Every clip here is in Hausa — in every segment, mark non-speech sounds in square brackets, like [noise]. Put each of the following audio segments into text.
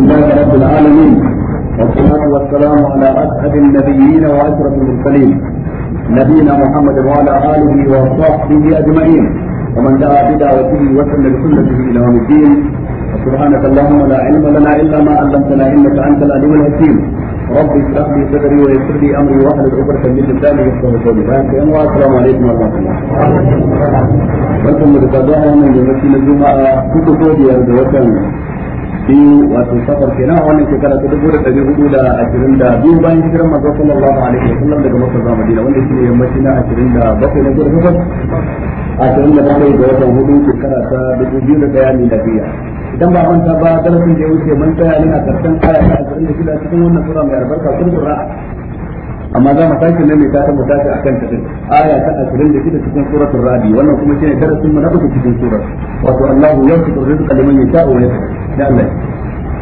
لله رب العالمين والصلاة والسلام على أسعد النبيين وأشرف المرسلين نبينا محمد وعلى آله وصحبه أجمعين ومن دعا بدعوته وسن بسنته إلى يوم الدين سبحانك اللهم لا علم لنا إلا ما علمتنا إنك أنت العليم الحكيم رب اشرح لي صدري ويسر لي امري واحلل عقدة من لساني يفقهوا قولي بارك الله عليكم ورحمة الله. وبركاته. mu da kaza wannan da na juma'a biyu wato safar kenan wannan shekara ta dubu da ɗari hudu da ashirin da biyu bayan hijiran manzo sallallahu alaihi ta idan ba manta ba darasin da ya wuce mun tsaya ne a karshen aya ta da shida cikin wannan sura mai albarka sun amma za mu sake nan ta mu tashi akan ta aya ta 26 cikin suratul rabi wannan kuma shine darasin mu na uku cikin surar wato Allahu yamsutu rizqa liman yasha'u wa yaqdir ya Allah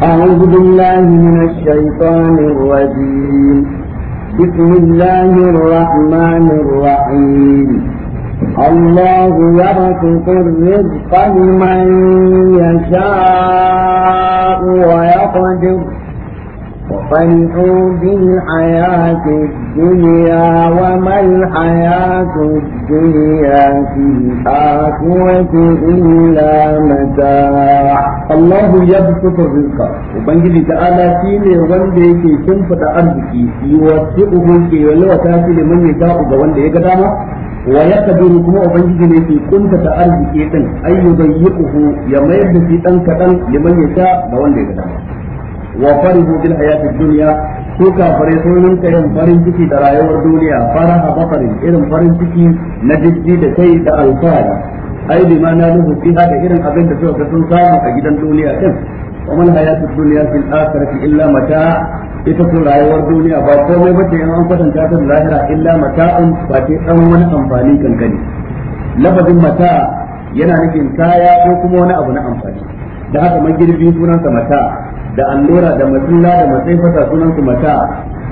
أعوذ بالله من الشيطان الرجيم بسم الله الرحمن الرحيم الله يبسط الرزق لمن يشاء ويقدر وفرحوا بالحياة الدنيا الدنيا وما الحياة الدنيا في الآخرة إلا متاع الله يبسط الرزق وبنجد تعالى سيني وندي كي تنفت أرضكي يوسعه كي ولو تاتي لمن يشاء وندي قدامه ويقدر كما وبنجد في كنت أرضكي أي يضيقه يميز في أنك لمن يشاء وندي قدامه wa farihu bil hayati dunya su kafare sun rinka yin farin ciki da rayuwar duniya faraha bafarin irin farin ciki na jiddi da kai da alfahari ai bi ma na nuhu fiha da irin abin da suka sun samu a gidan duniya din wa man hayatu dunya fil akhirati illa mata ita ko rayuwar duniya ba komai bace in an kwatanta ta da lahira illa mata'un ba ce dan wani amfani kankani lafazin mata yana nufin kaya ko kuma wani abu na amfani da haka magirbi sunansa mata da allura da matsila da matsaifata sunan su mata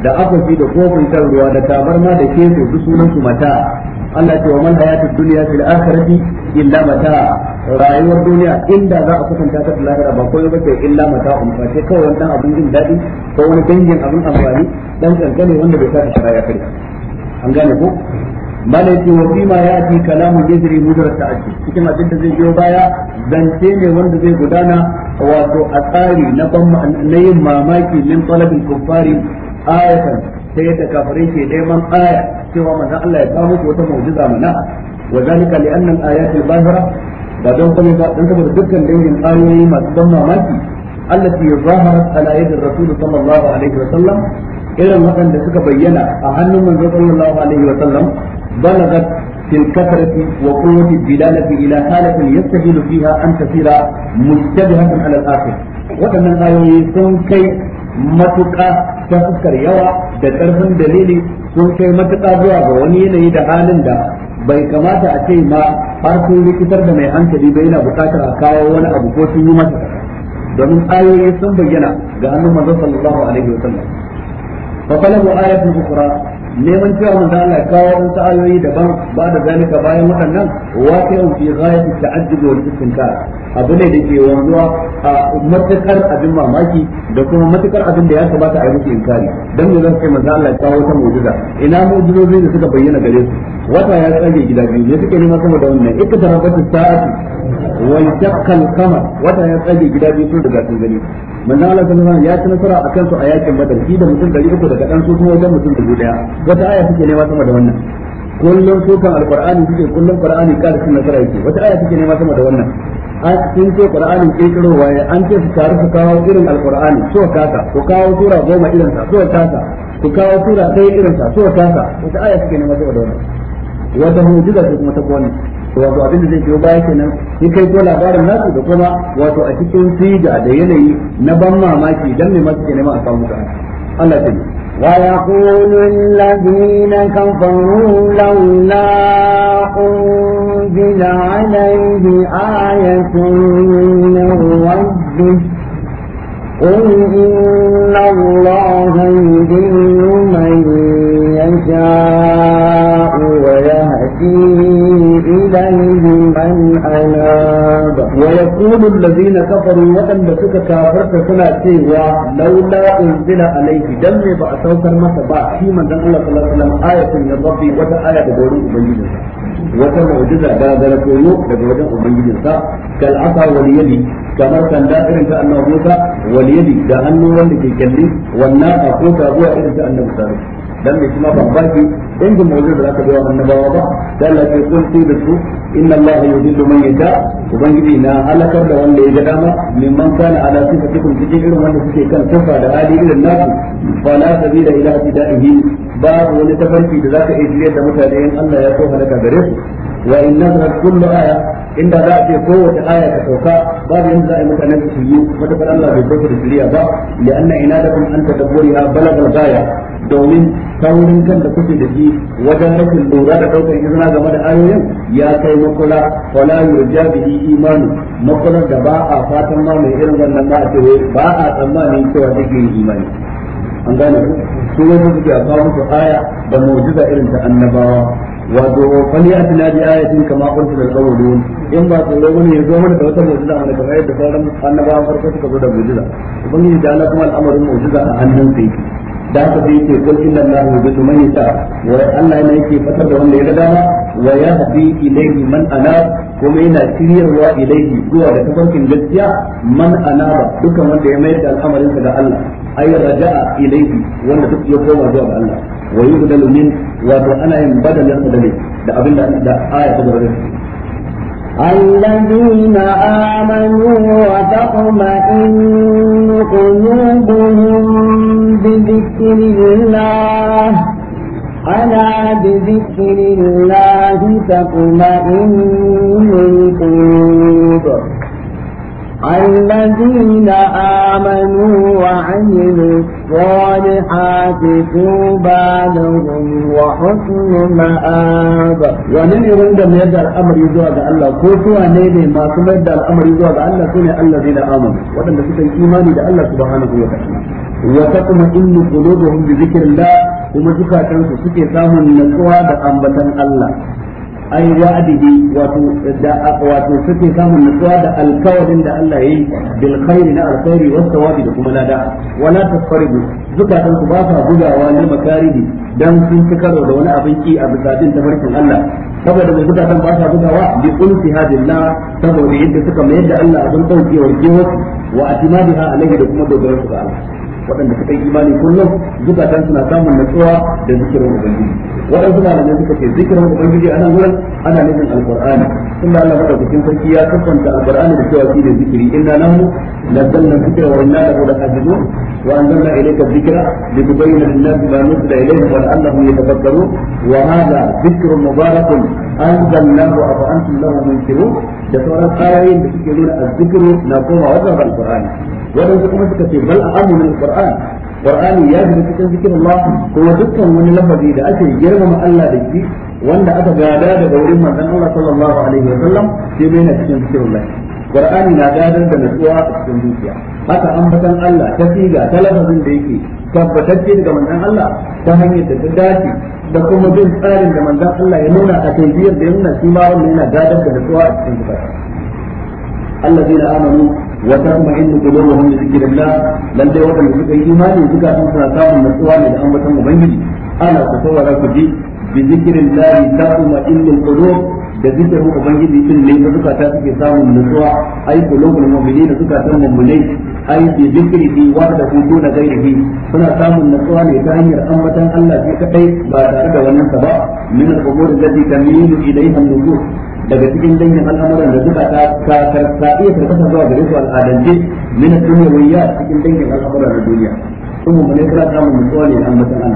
da akwati da kofin shan ruwa da tabarma da kefe su sunan su mata Allah ce wa man hayatud dunya fil akhirati illa mata rayuwar duniya inda za a kusanta ta lahira ba koyo bace illa mata um fa kawai dan abin jin dadi ko wani dangin abin amfani dan kankane wanda bai sa shara ya kare an gane ko mana yake wa fima ya ati kalamun yajri mudar ta'addi cikin abin da zai biyo baya zance ne wanda zai gudana wato a tsari na ban yin mamaki min talabin kuffari ayatan sai yadda shi ke neman aya cewa manzon Allah ya kawo musu wata mu'jiza mana wa zalika li anna al-ayat al don kuma da dan saboda dukkan dangin ayoyi masu ban mamaki allati zaharat ala yadi rasul sallallahu alaihi wa sallam irin waɗanda suka bayyana a hannun manzon sallallahu alaihi wa sallam بلغت في الكثرة وقوة الدلالة إلى حالة يستحيل فيها أن تصير مشتبهة على الآخر وأن الآيوي كي matuƙa ta fuskar yawa da ƙarfin dalili sun kai matuƙa zuwa ga wani yanayi da halin da bai kamata a ce ma har sun da mai hankali bai yana buƙatar a kawo wani abu ko sun yi masa domin ayoyi sun bayyana ga hannun manzon sallallahu alaihi wasallam fa talabu ayatun ukhra neman cewa manzo Allah kawo wasu ayoyi daban ba da zalika bayan waɗannan yau fi ghayati ta'ajjub wa istinka abu ne da ke wanzuwa a matakar abin mamaki da kuma matakar abin da ya kamata a yi musu inkari dan ne zan kai manzo Allah kawo ta mu'jiza ina mu'jizozi da suka bayyana gare su wata ya tsage gida biyu ne suke nema saboda wannan ikka tarabatu sa'ati وانشق kama wata ya tsage gida biyu sun daga sun gani manzon Allah sallallahu alaihi ya ci nasara akan su a yakin badar shi da mutum dari uku daga dan su kuma wajen mutum dubu daya wata aya take nema sama da wannan kullum sukan alqur'ani suke kullum qur'ani kada sun nasara yake wata aya take nema sama da wannan an sun ce qur'ani kiro waye an ce su taru su kawo irin alqur'ani so kaka ku kawo sura goma irin sa so kaka ku kawo sura ɗaya irin sa so kaka wata aya take nema sama da wannan wata mu'jiza ce kuma ta kowanne wato abin da zai biyo baya kenan shi kai ko labarin nasu da kuma wato a cikin siga da yanayi na ban mamaki dan ne masu ke neman a samu ka Allah ta yi ويقول الذين كفروا لولا أنزل عليه آية من ربه قل إن الله يضل من يشاء إليه من أناب ويقول الذين كفروا وأن بسك كافر سنة سيوا لولا أنزل عليه دم بأسوك المسبا في من دم الله صلى الله عليه وسلم آية من ربي وتا آية بقولون أبنجد وتا معجزة دادرة ويوك لقولون أبنجد كالعصا واليد kamar sanda irin ta annabi Musa wal yadi da hannu wanda ke kalli wannan a ko ta zuwa dan me kuma ba ba ki injin mawzu da zaka bayar annabawa ba dan Allah ya kunti da su inna Allah yudillu man yasha ubangiji na halakar da wanda ya ga dama mimman kana ala sifatikum cikin irin wanda suke kan tufa da hali irin naku fala sabila ila hidayatihi babu wani tafarki da zaka iya jiyar da mutane in Allah ya so halaka gare su wa in nazarat kullu aya inda za a ce kowace aya ta sauka babu yanzu za a yi mutanen su yi matakar Allah bai da shirya ba li anna ina da kuma an tadabburi ha balagal gaya domin taurin kan da kuke da shi wajen rashin lura da daukar izina game da ayoyin ya kai makula wala yurja bihi imanu makular da ba a fatan ma mai irin wannan ba a ce ba a tsammanin cewa zai yi imani an gane ku su wani suke a kawo musu aya da mu'jiza irin ta annabawa wato fali a a ayatin kama kuntu da tsawon in ba tsoro ne ya zo mana da wata mu'jiza da kamar yadda sauran annabawan farko suka zo da mu'jiza ubangiji da Allah kuma al'amarin mu'jiza a hannun sa yake da haka sai yake kul na Allah su mai ta wa Allah ne yake fatar da wanda ya ga dama wa ya yahdi ilayhi man ana kuma yana shiryarwa ilayhi zuwa da tafarkin gaskiya man ba dukkan wanda ya mayar da al'amarin sa ga Allah ay raja'a ilayhi wanda duk ya koma zuwa ga Allah wa yubdalu min wato ana yin badalin da ne da abin da da aya ta الذين آمنوا وتطمئن قلوبهم بذكر الله ألا بذكر الله تطمئن القلوب الذين آمنوا وعملوا الصالحات توبى لهم وحسن مآب ومن يرد أن يدع الأمر يزوى الله كوسوى نيدي ما كما يدع الأمر يزوى الله سنة الذين آمنوا وأن تكون إيماني لألّه سبحانه وتعالى وتطمئن قلوبهم بذكر الله وما تكاكنسوا سكي سامن نسوى بأنبة الله an wa'adihi wato da wato suke samun nutsuwa da alkawarin da Allah yayi bil khairi na alkhairi was sawabi da kuma lada wala tasfaribu zukatan ku ba sa bugawa ne makarihi dan sun ci karo da wani abin ki a bisadin tafarkin Allah saboda mai zukatan ba sa bugawa bi qulsi hadillah saboda yadda suka mayar da Allah abin daukewar jiwa wa atimadiha alaihi da kuma dogaransu ga Allah waɗanda suka yi imani kullum zukatan suna samun natsuwa da zikirin ubangiji waɗansu malamai suka ce zikirin ubangiji a nan wurin ana nufin alqur'ani tunda Allah madaukakin sarki ya kasanta alqur'ani da cewa shi ne zikiri inna nahnu nazzalna dhikra wa inna lahu lahafizun wa anzalna ilayka dhikra litubayyana lin-nasi ma nuzila ilayhim wa la'allahum yatafakkarun wa hadha dhikrun mubarakun anzalnahu afa antum lahu munkirun da sauran ayoyin da suke nuna azzikiru na koma wajen alqur'ani wadansu kuma suka ce bal a'amu min alqur'an qur'ani ya shiga cikin zikirin Allah kuma dukkan wani lafazi da ake girmama Allah da shi wanda aka gada daga wurin manzon Allah sallallahu alaihi sai na cikin zikirin Allah qur'ani na gadar da nutsuwa a cikin zuciya haka ambatan Allah ta siga ta lafazin da yake tabbatacce daga manzon Allah ta hanyar da ta dace da kuma bin tsarin da manzan Allah ya nuna a kai biyar da ya nuna shi ma wannan yana gadar da nutsuwa a cikin zuciya allazina amanu wa ta kuma tatma'innu qulubuhum bi dhikrillah lalle wadanda suka yi imani suka san suna samun nutsuwa ne da ambaton ubangiji ana ku saurara ku ji bi dhikrillah tatma'innul qulub da zikirin ubangiji din ne da suka ta suke samun nutsuwa ai qulubul da suka san mu'minai ai bi zikrihi wahdahu duna ghairihi suna samun natsuwa ne ta hanyar ambatan Allah shi kadai ba tare da wannan ta ba min al-umur allati tamilu ilayha an-nufus daga cikin dangin al'amuran da suka ta ta ta iya karkata zuwa gare su al'adance min al dunyawiyya cikin dangin al'amuran na duniya kuma mun kira samun natsuwa ne ambatan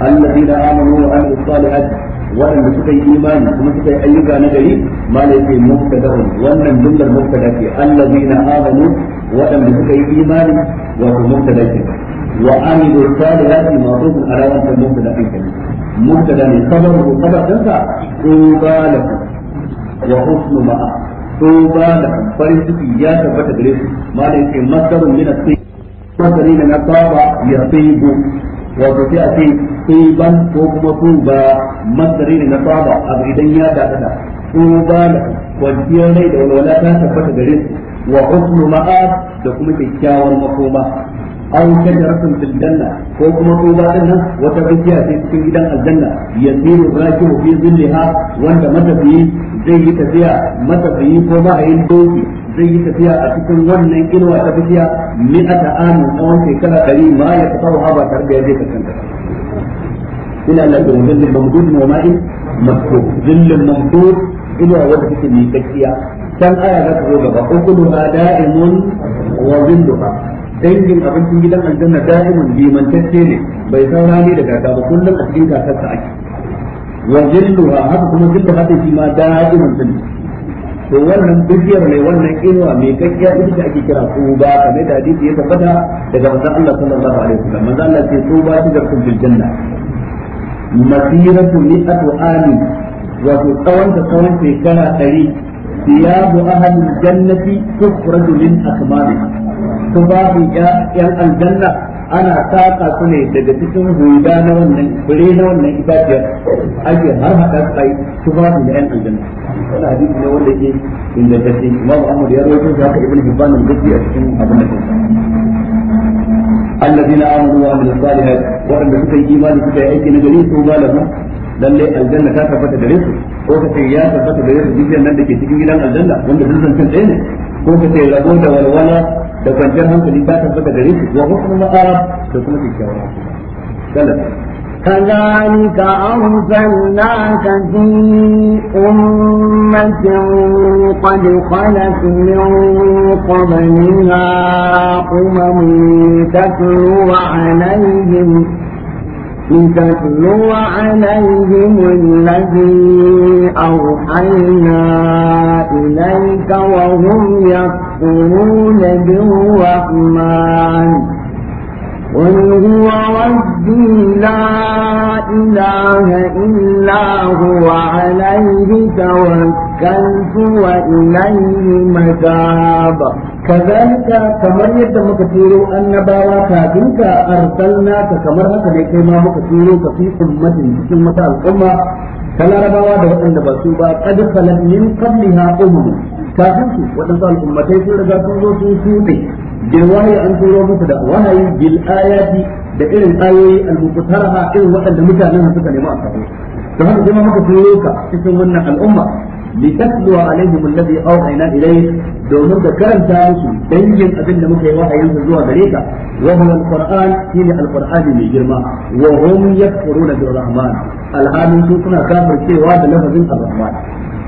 Allah da amanu wa amilu salihat waɗanda suka yi imani kuma suka yi ayyuka na gari ma ne ke mubtada'un wannan jumlar mubtada ce na amanu waɗanda suka yi imani wato mubtada ke wa amilu salihati ma'rufun ala wannan mubtada ɗin kenan mubtada ne sabar ko sabar ba tuba lakum wa husnu ma'a tuba lakum farin ciki ya tabbata gare su malai ce masdarun min ko sayyid masdari na ya sai taba yasibu wato sai a ce ban ko kuma ba tuba masdari na taba abu idan ya dadada tuba lakum kwanciyar rai da walwala ta tabbata gare su wa husnu ma'ab da kuma kyakkyawar makoma aw shajaratun fil janna ko kuma tuba din nan wata bishiya ce cikin gidan aljanna yasiru rakibu fi zillaha wanda matafiyi zai yi tafiya matafiyi ko ma'ayin doki zai yi tafiya a cikin wannan inuwa ta bishiya mi'ata amin tsawon shekara ɗari ma ya tafi wa ba tare da ya je kaskanta ina Allah wa can aya za zo gaba da'imun wa zinduha dangin abincin gidan aljanna da'imun limantacce ne bai da ba kullum a cikin ta ake wa zilluha haka kuma zillu haka shi ma da'imun to wannan bishiyar wannan inuwa mai kakkiya ita ake kira kamar da hadisi ya tabbata daga manzon Allah sallallahu alaihi wasallam manzon Allah ce tsuba masiratu wato tsawon ta tsawon shekara ثياب أهل الجنة تخرج من أكمامها تباب يا الجنة أنا ساقا سنة دقتكم هيدانا ونن برينا ونن إبادة أجي هر هذا أي تباب يا الجنة ولا حديث من أول لكي إن دقتي إمام أحمد يروي ذاك ابن حبان الجدي أشكين أبو الذين آمنوا وعملوا الصالحات وعندما تكون إيمان سكي أيكي نجري سوبا لهم لن الجنة تاتفت دريسهم ko ka ce ya tabbata da yadda dukiyar nan da ke cikin gidan aljanna wanda duk zancen ɗaya ne ko ka ce rabo da walwala da kwanciyar hankali ta tabbata gare shi wa hukmun ma'arab da kuma ke kyakkyawar hankali كذلك أرسلناك في أمة قد خلت من قبلها أمم تتلو عليهم لتتلو عليهم الذي أوحينا إليك وهم يكفرون بالرحمن قل هو ربي لا إله إلا هو عليه توكلت وإليه متاب kazalika kamar yadda muka turo annabawa kafin ka arsalna ka kamar haka ne kai ma muka turo ka fi ummatin cikin wata al'umma ta larabawa da waɗanda ba su ba qad khalat min qabliha umum kafin su waɗansu al'ummatai sun riga sun zo sun shuɗe bil wahayi an turo musu da wahayi bil ayati da irin ayoyi al-muqtaraha irin waɗanda mutanen suka nema a kafin to haka kuma muka turo ka cikin wannan al'umma لتتلو عليهم a ina إليه domin ka karanta musu dangin abin da muka yi wahayin su zuwa gare ka wa huwa alquran shine alqur'ani mai girma wa hum yakfuruna bil rahman alhalin su suna kafircewa da lafazin arrahman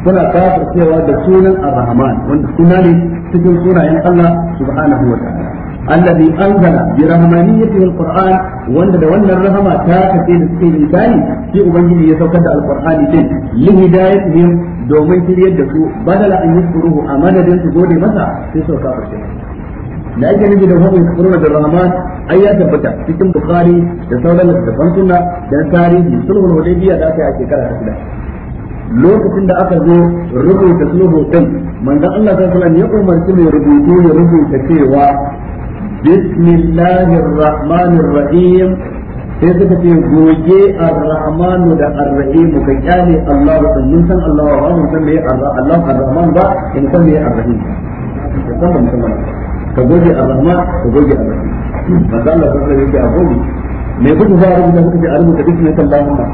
suna kafircewa da sunan arrahman wanda suna ne cikin sunayen Allah subhanahu wa الذي أنزل برحمانيته القرآن وأن وأن الرحمة تاكتين سكين الثاني في أبنجي يتوكد القرآن دين لهدايتهم دومين تريد دسو بدل أن يذكروه أمانة دين تقولي مسا في سوكا فرشين da ake nufi da hukumar kurma da rahman ai ya tabbata cikin bukhari da sauran littattafan sunna da tarihi sulhul hudaybiya da aka yi a shekara lokacin da aka zo rubuta sulhu din manzon Allah sallallahu alaihi wasallam ya umarci mai rubutu ya rubuta cewa بسم الله الرحمن الرحيم sai suka ce goge ar-rahmanu da ar-rahimu kai kyale Allah ba san san Allah ba mun san meye Allah ar-rahman ba in san meye ar-rahim ka goge ar-rahman ka goge ar-rahim manzo Allah sai yake me kuka rubuta kuka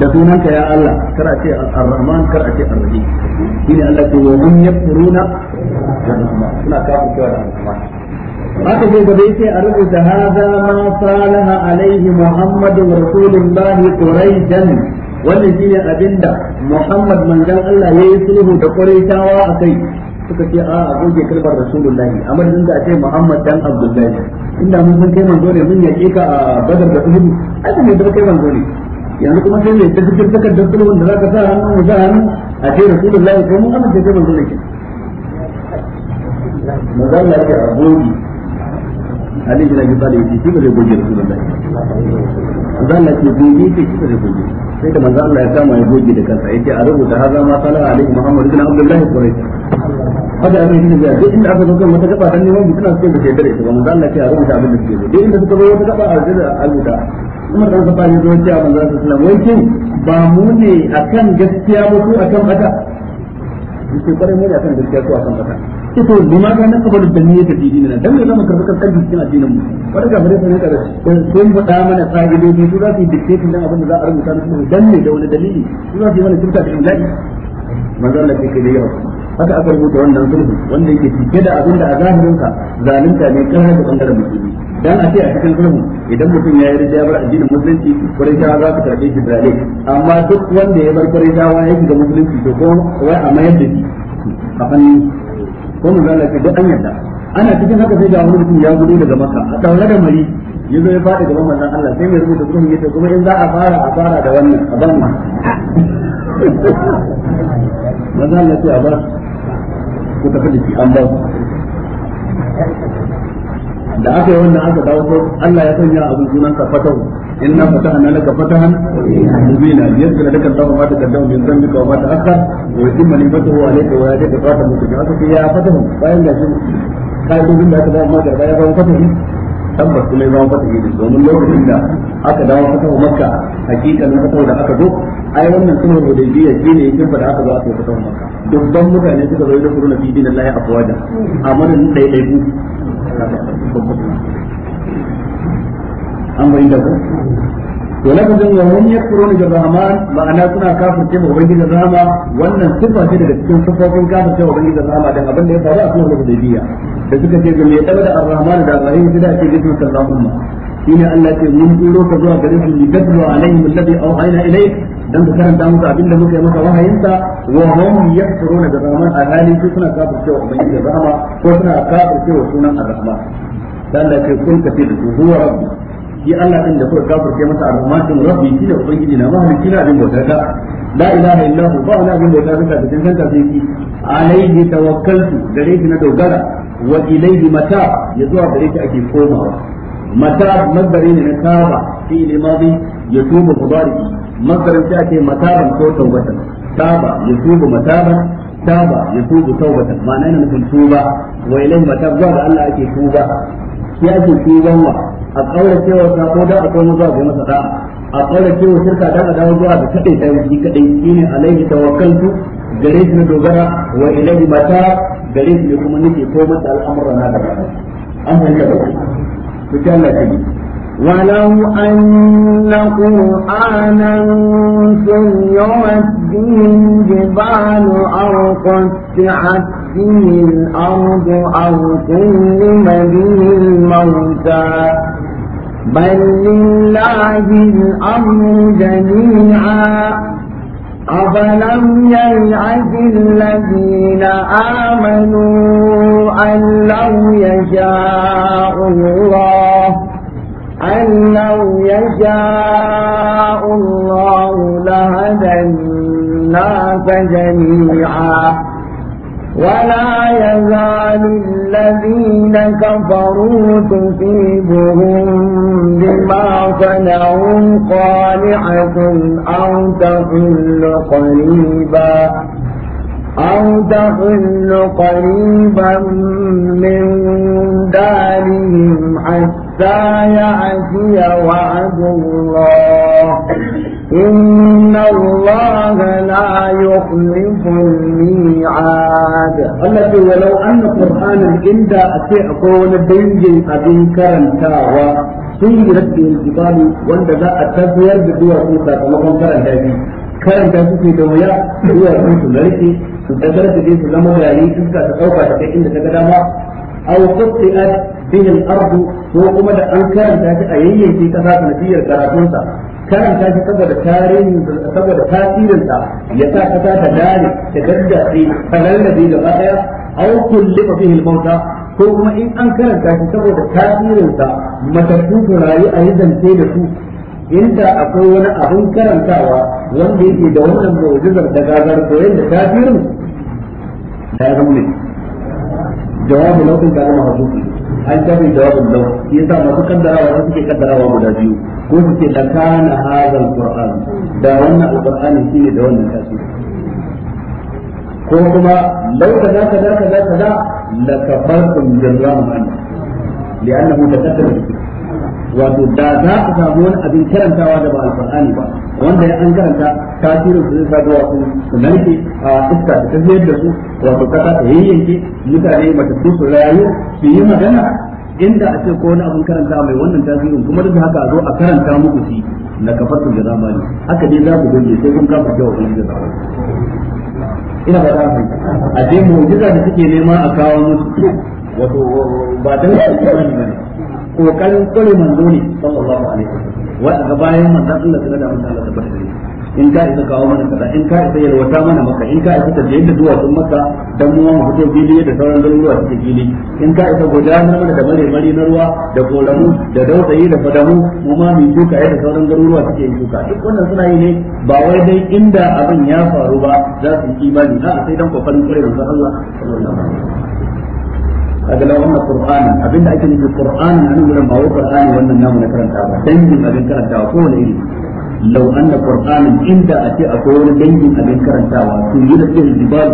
duk ne da ya Allah kar a ce ar-rahman kar a ce ar-rahim shine Allah ke wa hum yafruna suna kafa cewa rahman haka zai gaba yake a rubuta hadha ma salaha alaihi muhammadu rasulullahi quraishan wannan shine abinda muhammad manzon Allah yayi sulhu da quraishawa akai suka ce a a goge kalmar rasulullahi a madadin da ce muhammad dan abdullahi inda mun san kai manzo ne mun yake ka a badar da uhud aka ne da kai manzo ne yanzu kuma sai ne ta ta kaddar sulhun da zaka sa hannu mu sa hannu a ce rasulullahi ko mun amince kai manzo ne ke manzo Allah ya a goge Ali bin Abi Talib shi ba zai goge Rasulullahi manzo Allah ke shi ba zai goge sai da manzo Allah ya kama ya goge da kansa yace a rubuta haza ma sala alaihi Muhammad Abdullah da duk inda aka zo kan gaba dan neman mutuna da sai dare ta manzo Allah ya rubuta abin da suke so duk inda suka zo wata gaba a rubuta dan ya zo ya manzo sallallahu alaihi ba mu ne akan gaskiya ba ko akan bata yake kwarai mu ne akan gaskiya ko akan bata ito lima ga na kabar da ne ta dini na dan zama karɓar kasar cikin addinin mu wanda ga bare sanin sai mu faɗa mana fa'idoji su za su dictate nan abin da za a rubuta musu dan ne da wani dalili su za su yi mana shirka da imlaki manzo Allah take da yawa haka aka rubuta wannan sulhu wanda yake cike da abin da a zahirin ka zalunta ne kana da bangaren musulmi dan a ce a cikin sulhu idan mutum ya yi rijiya bar addinin musulunci Qurayshawa za ka tarbe shi zalai amma duk wanda ya bar Qurayshawa yake da musulunci to ko wai a mayar da shi a fannin ko mun zalla ce duk an yarda ana cikin haka sai ga wani mutum ya gudu daga maka a daure da mari ya zo ya faɗi gaban manzon Allah sai mai rubuta gurin yace kuma in za a fara a fara da wannan a ban ma manzon Allah ce a ba ku tafi da shi an ba da aka yi wannan aka dawo Allah ya sanya abin sunan sa fatahu إنا فتحنا لك فتحا مبينا ليغفر لك الله ما تقدم من ذنبك وما تأخر ويتم نعمته عليك ويهديك صراطا مستقيما يا فتح فإن لازم قالوا بالله تبارك ما تبارك يا فتح tabbas kuma ya zama fata ne domin lokacin da aka dawo fatawa makka hakikan fatawa da aka zo ai wannan sunan hudaybiya shi ne yake fada aka zo aka fatawa makka dubban mutane suka zo da kuruna fi dinin lahi dai dai ku an ba'i da ku to lafazin wa hum yakfuruna bil rahman ma'ana suna kafirce ma ubangijin rahama wannan sifa ce daga cikin sifofin kafirce wa ubangijin rahama dan abin da ya faru a cikin hudaybiya da suka ce ga mai tsaba da ar-rahman da ar-rahim sai da ake jikin sallama ne Allah ce mun tsiro ka zuwa gare su yadlu alaihim alladhi awhayna ilayk dan ka karanta musu abin da muka yi maka wahayin sa wa hum yakfuruna bi rahman ahali su suna kafirce wa ubangiji rahama ko suna kafirce wa sunan ar-rahman dan da ke kun kace da huwa rabbi shi Allah din da kuka kafirce masa arhaman din rabbi shi ne ubangiji na mahalicci na abin bauta ta la ilaha illahu hu ba wani abin bauta ta cikin santa sai ki alaihi tawakkaltu gare shi na dogara wa ilaihi mata ya zuwa gare shi ake komawa mata madari ne na kaba shi ne mabi ya tuba mudari madarin shi ake mataran ko tawbatan kaba ya tuba mataban, taba ya tuba tawbatan ma'ana ne nufin tuba wa ilaihi mata zuwa ga Allah ake tuba ya ce shi wa a kaura cewa sako da a akwai mu zuwa ga masa da a kaura cewa shirka da a dawo zuwa da yi kaɗai shi kadai shine alaihi tawakkaltu gare shi na dogara wa ilaihi mata gare shi ne kuma nake ko mata al'amuran na gaba an hanya da ku ta Allah ta yi ولو أن قرآنا سيرت به الجبال أو قطعت به الأرض أو تلم به الموتى بل لله الأمر جميعا أفلم ييأس الذين آمنوا أن لو يشاء الله أن لو يشاء الله لهدى الناس جميعا ولا يزال الذين كفروا تصيبهم بما صنعوا قارعة أو تحل قريبا أو تحل قريبا من دارهم حتى يأتي وعد الله إن الله لا يخلف الميعاد التي ولو أن قرآنا عند أتي أقول دنجل أبي كرم تاوى سيد ربي الجبال وانت ذا التزوير بدور موسى فلقم كرم تاوى كرم تاوى في دويا هو رمس الملكي تدرس دي سلم ويالي تسكى تتوقع تكي إن تكدامها أو قطئت به الأرض وقمد أنكرم تاوى أيين في كثافة نتيجة كراتونسا karanta shi saboda tarihin saboda tasirin sa ya sa kasa ta dare ta daddace ta lallabe gaba daya aw kullifa fihi al-mauta ko kuma in an karanta shi saboda tasirin sa matattu su a yi zance da su inda akwai wani abin karantawa wanda yake da wannan mu'jizar da gagar koyon da tasirin da ya zama ne jawabu lokacin ka zama hazuki an mai jawabin lau yasa masu kaddarawa ke suke kaddarawa guda biyu ko suke da kana hadal qur'an da wannan shi ne da wannan tasiri ko kuma lau da za ka za ka za ka na la kafartum ta da li'annahu taqaddama wato da za ka samu wani abin karantawa da ba alqur'ani ba wanda ya an karanta tasirin su zai ga su narke a iska ta tafiyar da su wato kasa ta yayyanke mutane mata su rayu su yi magana inda a ce ko wani abin karanta mai wannan tasirin kuma duk haka a zo a karanta muku shi na su da zamani haka dai za ku gode sai kun kafa kyau kun da zamani ina ba ta a dai mu'jiza da suke nema a kawo musu wato ba dan su ne kokarin kure manzo ne sallallahu alaihi wasallam wa bayan manzan Allah daga da manzon Allah ta ne in ka isa kawo mana kaza in ka isa yalwata mana maka in ka isa tafiye da sun maka dan mu mu fito fili da sauran garuruwa suke fili in ka isa gudanar mana da mare mari na ruwa da koramu da dausayi da fadamu mu ma mu duka da sauran garuruwa suke yin duka duk wannan suna yi ne ba wai dai inda abin ya faru ba za su yi imani a sai dan kokarin kare da Allah sallallahu alaihi wasallam kaga law anna qur'anan abinda ake nufi qur'anan anan gurin ba wai qur'ani wannan namu na karanta ba dangin abin karantawa ko wani iri law anna qur'anan inda ake akwai wani dangin abin karantawa to yi da cikin jibal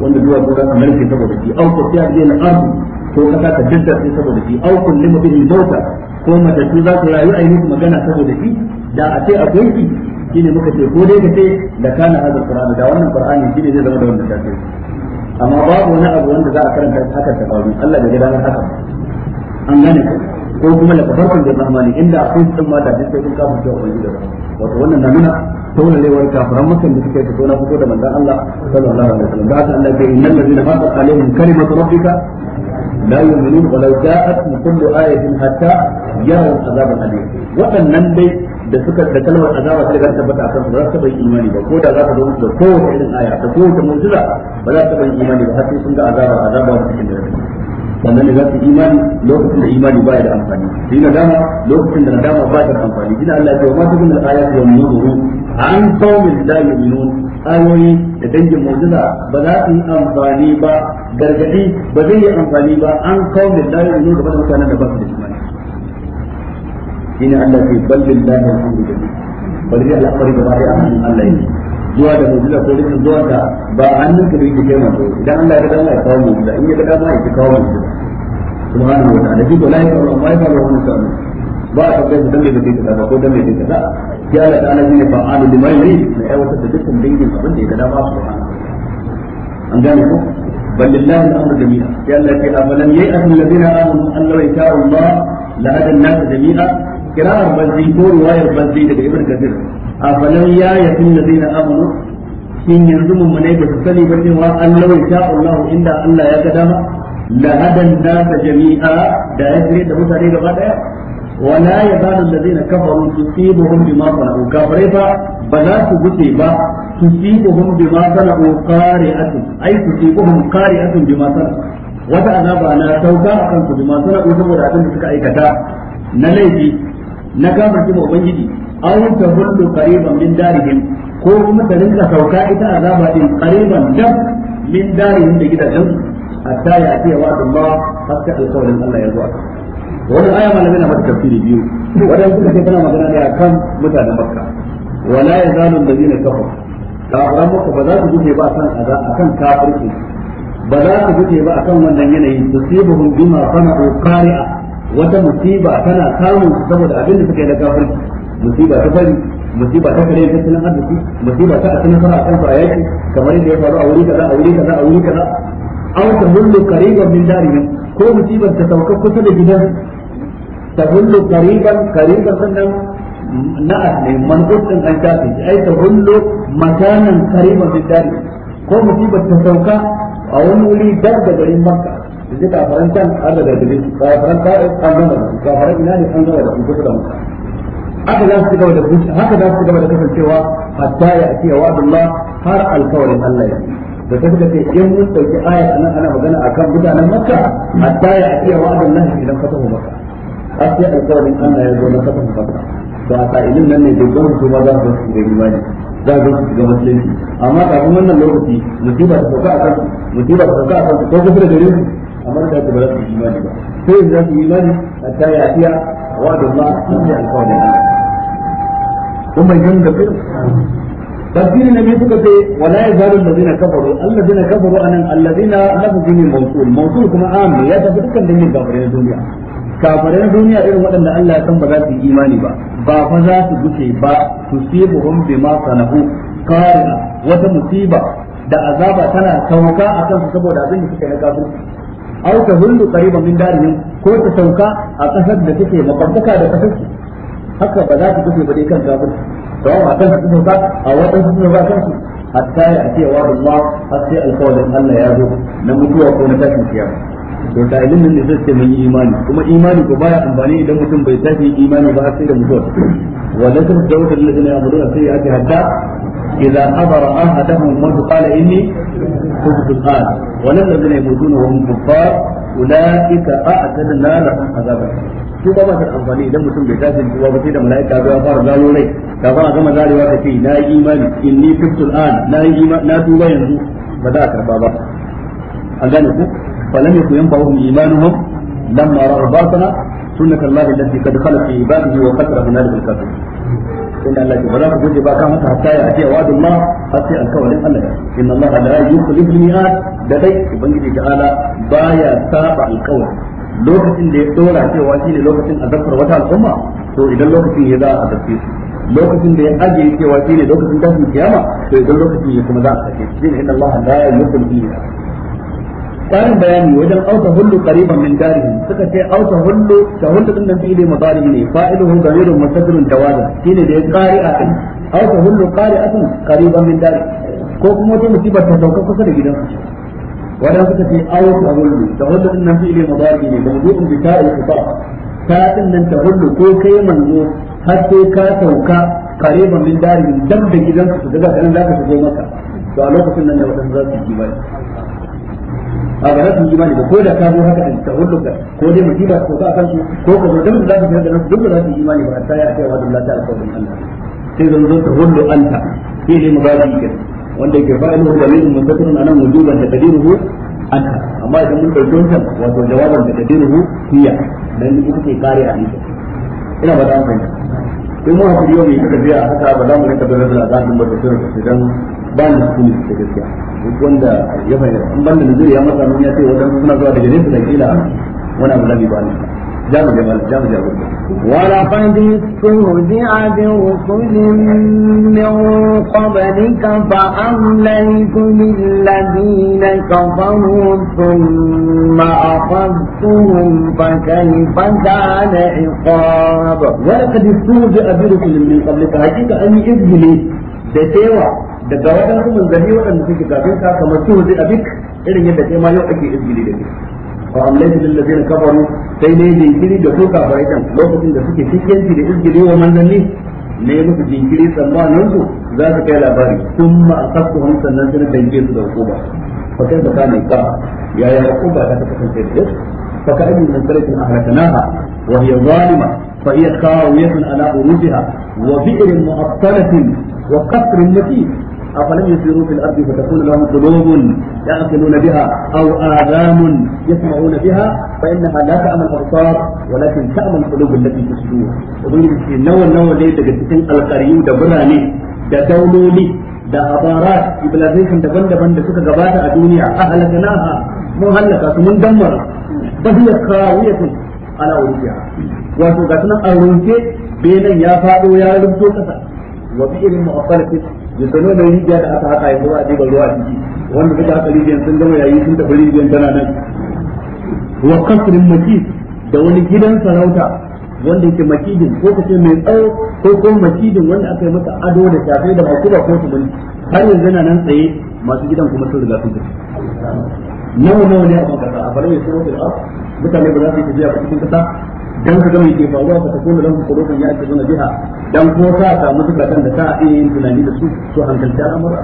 wanda duwa ko da malike saboda shi au ko ya je na ardu ko kasa ta dinda sai saboda shi au lima bihi mauta ko matattu za su rayu ayi kuma gana saboda shi da a ce akwai shi shine muka ce ko dai ka ce da kana hada qur'ani da wannan qur'ani shine zai zama da wannan tafiya amma babu wani abu wanda za a karanta haka ta faru Allah da gidanar haka an gane ko kuma la kafarkun da rahmani inda akwai sun ma da duk sai kun kafa cewa wani da wato wannan na nuna taunalewar kafiran makan da suke fito na fito da manzon Allah sallallahu alaihi wasallam da Allah ke innal ladina haqa alaihim kalimatu rabbika لا يؤمنون ولو جاءتهم كل آية حتى يروا العذاب الأليم وأن dai. da suka da kalmar azaba ta riga tabbata a kansu ba za su taɓa imani ba ko da za ka zo musu da kowace irin aya da kowace mu'jiza ba za su taɓa imani ba har sai sun ga azaba azaba ba cikin da sannan ne za su imani lokacin da imani ba ya da amfani shi na dama lokacin da nadama ba ta da amfani shi Allah ya ce wa ma tukun aya ayat ya munzuru an da qaumin la yu'minun ayoyi da dangin mu'jiza ba za su yi amfani ba gargadi ba zai yi amfani ba an da qaumin la yu'minun da mutanen da ba su da imani shine Allah ke ballin lahi alhamdulillah bari al'amari da ɗaya a hannun Allah yake zuwa da mu'jiza ko rikin zuwa ka ba hannun ka yake kai manzo idan Allah ya dama ya kawo mu'jiza in ya dama ya kawo mu'jiza subhanahu wa ta'ala bi kulli yawmin wa ma yaqulu wa ba a kai dan mai da kaza ba ko da mai da ya Allah ta'ala ne fa'alu liman yurid na aiwatar da dukkan dangin abin da ya dama subhanahu an gane ko بل لله الامر جميعا لان في افلم ييأس الذين امنوا ان لو يشاء الله لهدى الناس جميعا kira'ar banzi ko ruwayar banzi daga ibn kasir a falon ya yasin ladina amanu shin yanzu mummune ba su sani ba cewa Allah ya sha Allah inda Allah ya ga dama la hadan nasa jami'a da ya tsire da mutane gaba daya ولا يزال الذين كفروا تصيبهم بما صنعوا كفرفا بلا تبتي با تصيبهم بما صنعوا قارئة أي تصيبهم قارئة بما صنعوا wata azaba na sauka a kansu bi masu na saboda abin da suka aikata na laifi na kafirce ma ubangiji ta tahullu qariban min darihim ko kuma ta rinka sauka ita azaba din qariban dab min darihim da gidajen hatta ya ce wa Allah hatta alqawlin Allah ya zuwa wannan aya malamai na mata tafsiri biyu wadan suka ce tana magana ne akan mutanen Makka wala yazalu alladhina kafaru kafiran Makka ba za su guje ba akan akan kafirci ba za su guje ba akan wannan yanayi tusibuhum bima sana'u qari'a wata musiba tana samun su saboda abin da suka yi na kafirci musiba ta bari musiba ta kare tattalin arziki musiba ta asalin fara kan su a yaki kamar yadda ya faru a wuri kaza a wuri kaza a wuri kaza aw ta hullu ga min darihim ko musibar ta sauka kusa da gidan ta hullu qariban ga sannan na ne manqut din an tafi ai ta hullu makanan qariban min darihim ko musibar ta sauka a wani wuri dab da garin makka ji kafaran can an daga gari kafaran kawai an gama da kafaran ina ne an gama da kuka da muka haka za su gaba da haka za su gaba da kasancewa hatta ya ake wa Allah har alkawarin Allah ya da ta suka ce in mun dauki a anan ana magana akan mutanen makka hatta ya ake wa Allah idan ka tafi makka har sai alkawarin Allah ya zo na tafi a sa'ilin nan ne dubban su ba za su su da imani za su su ga musulunci amma kafin wannan lokaci musiba ta sauka a kansu musiba ta sauka a kansu ko kufra da amma da ba za su yi imani ba sai yanzu za su yi imani hatta ya fiya wa da ma sun yi alƙawarin kun bai yin da fi tafsiri na biyu suka ce wala ya zaru allazina kafaru allazina kafaru anan allazina lafazi ne mawsul mawsul kuma amin ya tafi dukkan dangin kafirai na duniya kafirai duniya irin waɗanda Allah ya san ba za su yi imani ba ba fa za su guce ba su tusibuhum ma sanahu qarina wata musiba da azaba tana sauka akan su saboda abin da suka yi na kafirci aw ta hullu qariban min darihim ko ta sauka a kasar da take makwabtaka da kasar su haka ba za ta kace ba dai kan kafir to a kan su sauka a wadan su ba kan su hatta ya ce wa Allah har Allah ya zo na mutuwa ko na tashin kiyama to da ilimin ne zai ce mun yi imani kuma imani ko baya amfani idan mutum bai tafi imani ba sai da mutuwa wala ta dawta sai ya sayyi'ati hadda idza habara ahadahum man qala inni kuntu qala wala alladhina yamutuna wa hum kuffar ulaika a'tadna lahum azaban su ba ba amfani idan mutum bai tafi ba sai da malaika ya fara zalo rai da ba gama zarewa ka ce na yi imani inni kuntu qala na yi na tuba yanzu ba za a karba ba an gane ku فلم يكن ينفعهم إيمانهم لما رأوا باطنا سنة الله التي قد خلت في عباده وخسر هنالك الكافر إن الله ولا تقول بقى كان حتى يأتي وعد الله حتى الكون الله إن الله لا يخلف الميعاد لدي ubangiji ta'ala baya saba alƙawari lokacin da ya dora cewa shine lokacin azabtar wata al'umma to idan lokacin ya za a azabce su lokacin da ya ajiye cewa shine lokacin tashin kiyama to idan lokacin ya kuma za a kan bayani wajen auta hullu qariban min darihi suka ce auta hullu da hullu din nan ma mabari ne fa'iluhu dhamirun mutasilun jawaz shine da qari'a auta hullu qari'atun qariban min darihi ko kuma wata musiba ta dauka kusa da gidan su wadan suka ce auta hullu da hullu din nan ma mabari ne mawdu'un bi ta'il qita ta din nan ta hullu ko kai manzo har sai ka sauka qariban min darihi dan da gidan su daga nan zaka shigo maka to a lokacin nan da wadan za su yi bai a ga rasu imani ba ko da ka zo haka in tawullu ko dai musiba ko ka kan ko ka zo dan da zaka da nan duk da zaka imani ba ta ya kai wa Allah ta alƙawarin Allah sai zan zo tawullu anta shi ne mubadi ke wanda ke fa'ilu da min mutakin anan wujuban da kadiruhu anta amma idan mun dauki wannan wato jawaban da kadiruhu hiya dan ita ce kare a ni ina ba da mun in hakuri yau mai kaga biya haka ba za mu rinka da ba da sirri idan ba ni cikin da gaskiya duk wanda ya fahimta in ban da nazari ya masa mun ce wadansu suna zuwa daga nesa da kila wani abu da ba ni جاب جمال جاب جاب ولقد استهزئ برسل من قبلك فأمليت للذين كفروا ثم أخذتهم فكيف كان عقاب ولقد استهزئ برسل من قبلك حقيقة أني إبهلي da cewa daga waɗansu manzanni waɗanda suke kafin ka kamar su hudu a duk irin yadda kai ma yau ake izgili da kai fa amlaytu lil ladina kafaru sai ne jinkiri da su kafirai dan lokacin da suke cikinci da izgili wa manzanni ne musu jinkiri tsammanin su za su kai labari kuma aqaftuhum sannan sai dange su da hukuma fa kai da kana ka ya ya hukuma ta kasance da fa ka ajin nan kare kin ahlakanaha wa hiya zalima fa kawo khawiyatun ala urushiha wa bi'rin mu'attalatin wa qasrin matin أفلم يسيروا في الأرض فتكون لهم قلوب يعقلون بها أو آذان يسمعون بها فإنها لا تعمى الأبصار ولكن تعمى القلوب التي في الصدور وبين في نوى نوى ليه دقتين القريو دبراني دولولي da abarat civilization daban-daban da suka gabata a duniya a halakanaha mun halaka su mun dammara ba hiya kawiyatun ala urfiya wato ga sunan a runke benin ya faɗo ya rubuto kasa wa bi irin mu'affalatin ya sano da rijiya da aka haka yanzu zuwa a ɗiban ruwa ciki wanda suka haka rijiyar sun gama yayi sun tafi rijiyar tana nan wa kasrin maki da wani gidan sarauta wanda yake makidin ko ce mai tsawo ko ko makidin wanda aka yi masa ado da shafe da makuba ko su har yanzu yana nan tsaye masu gidan kuma sun riga sun tafi nawa nawa ne a bangaren a bari ya tsoro da mutane ba za su yi tafiya ba cikin kasa dan ka gama ke faruwa ka tafi da kurokan ya ce zuna jiha dan ko ka samu zukatan da ta iya yin tunani da su to hankalta al'amura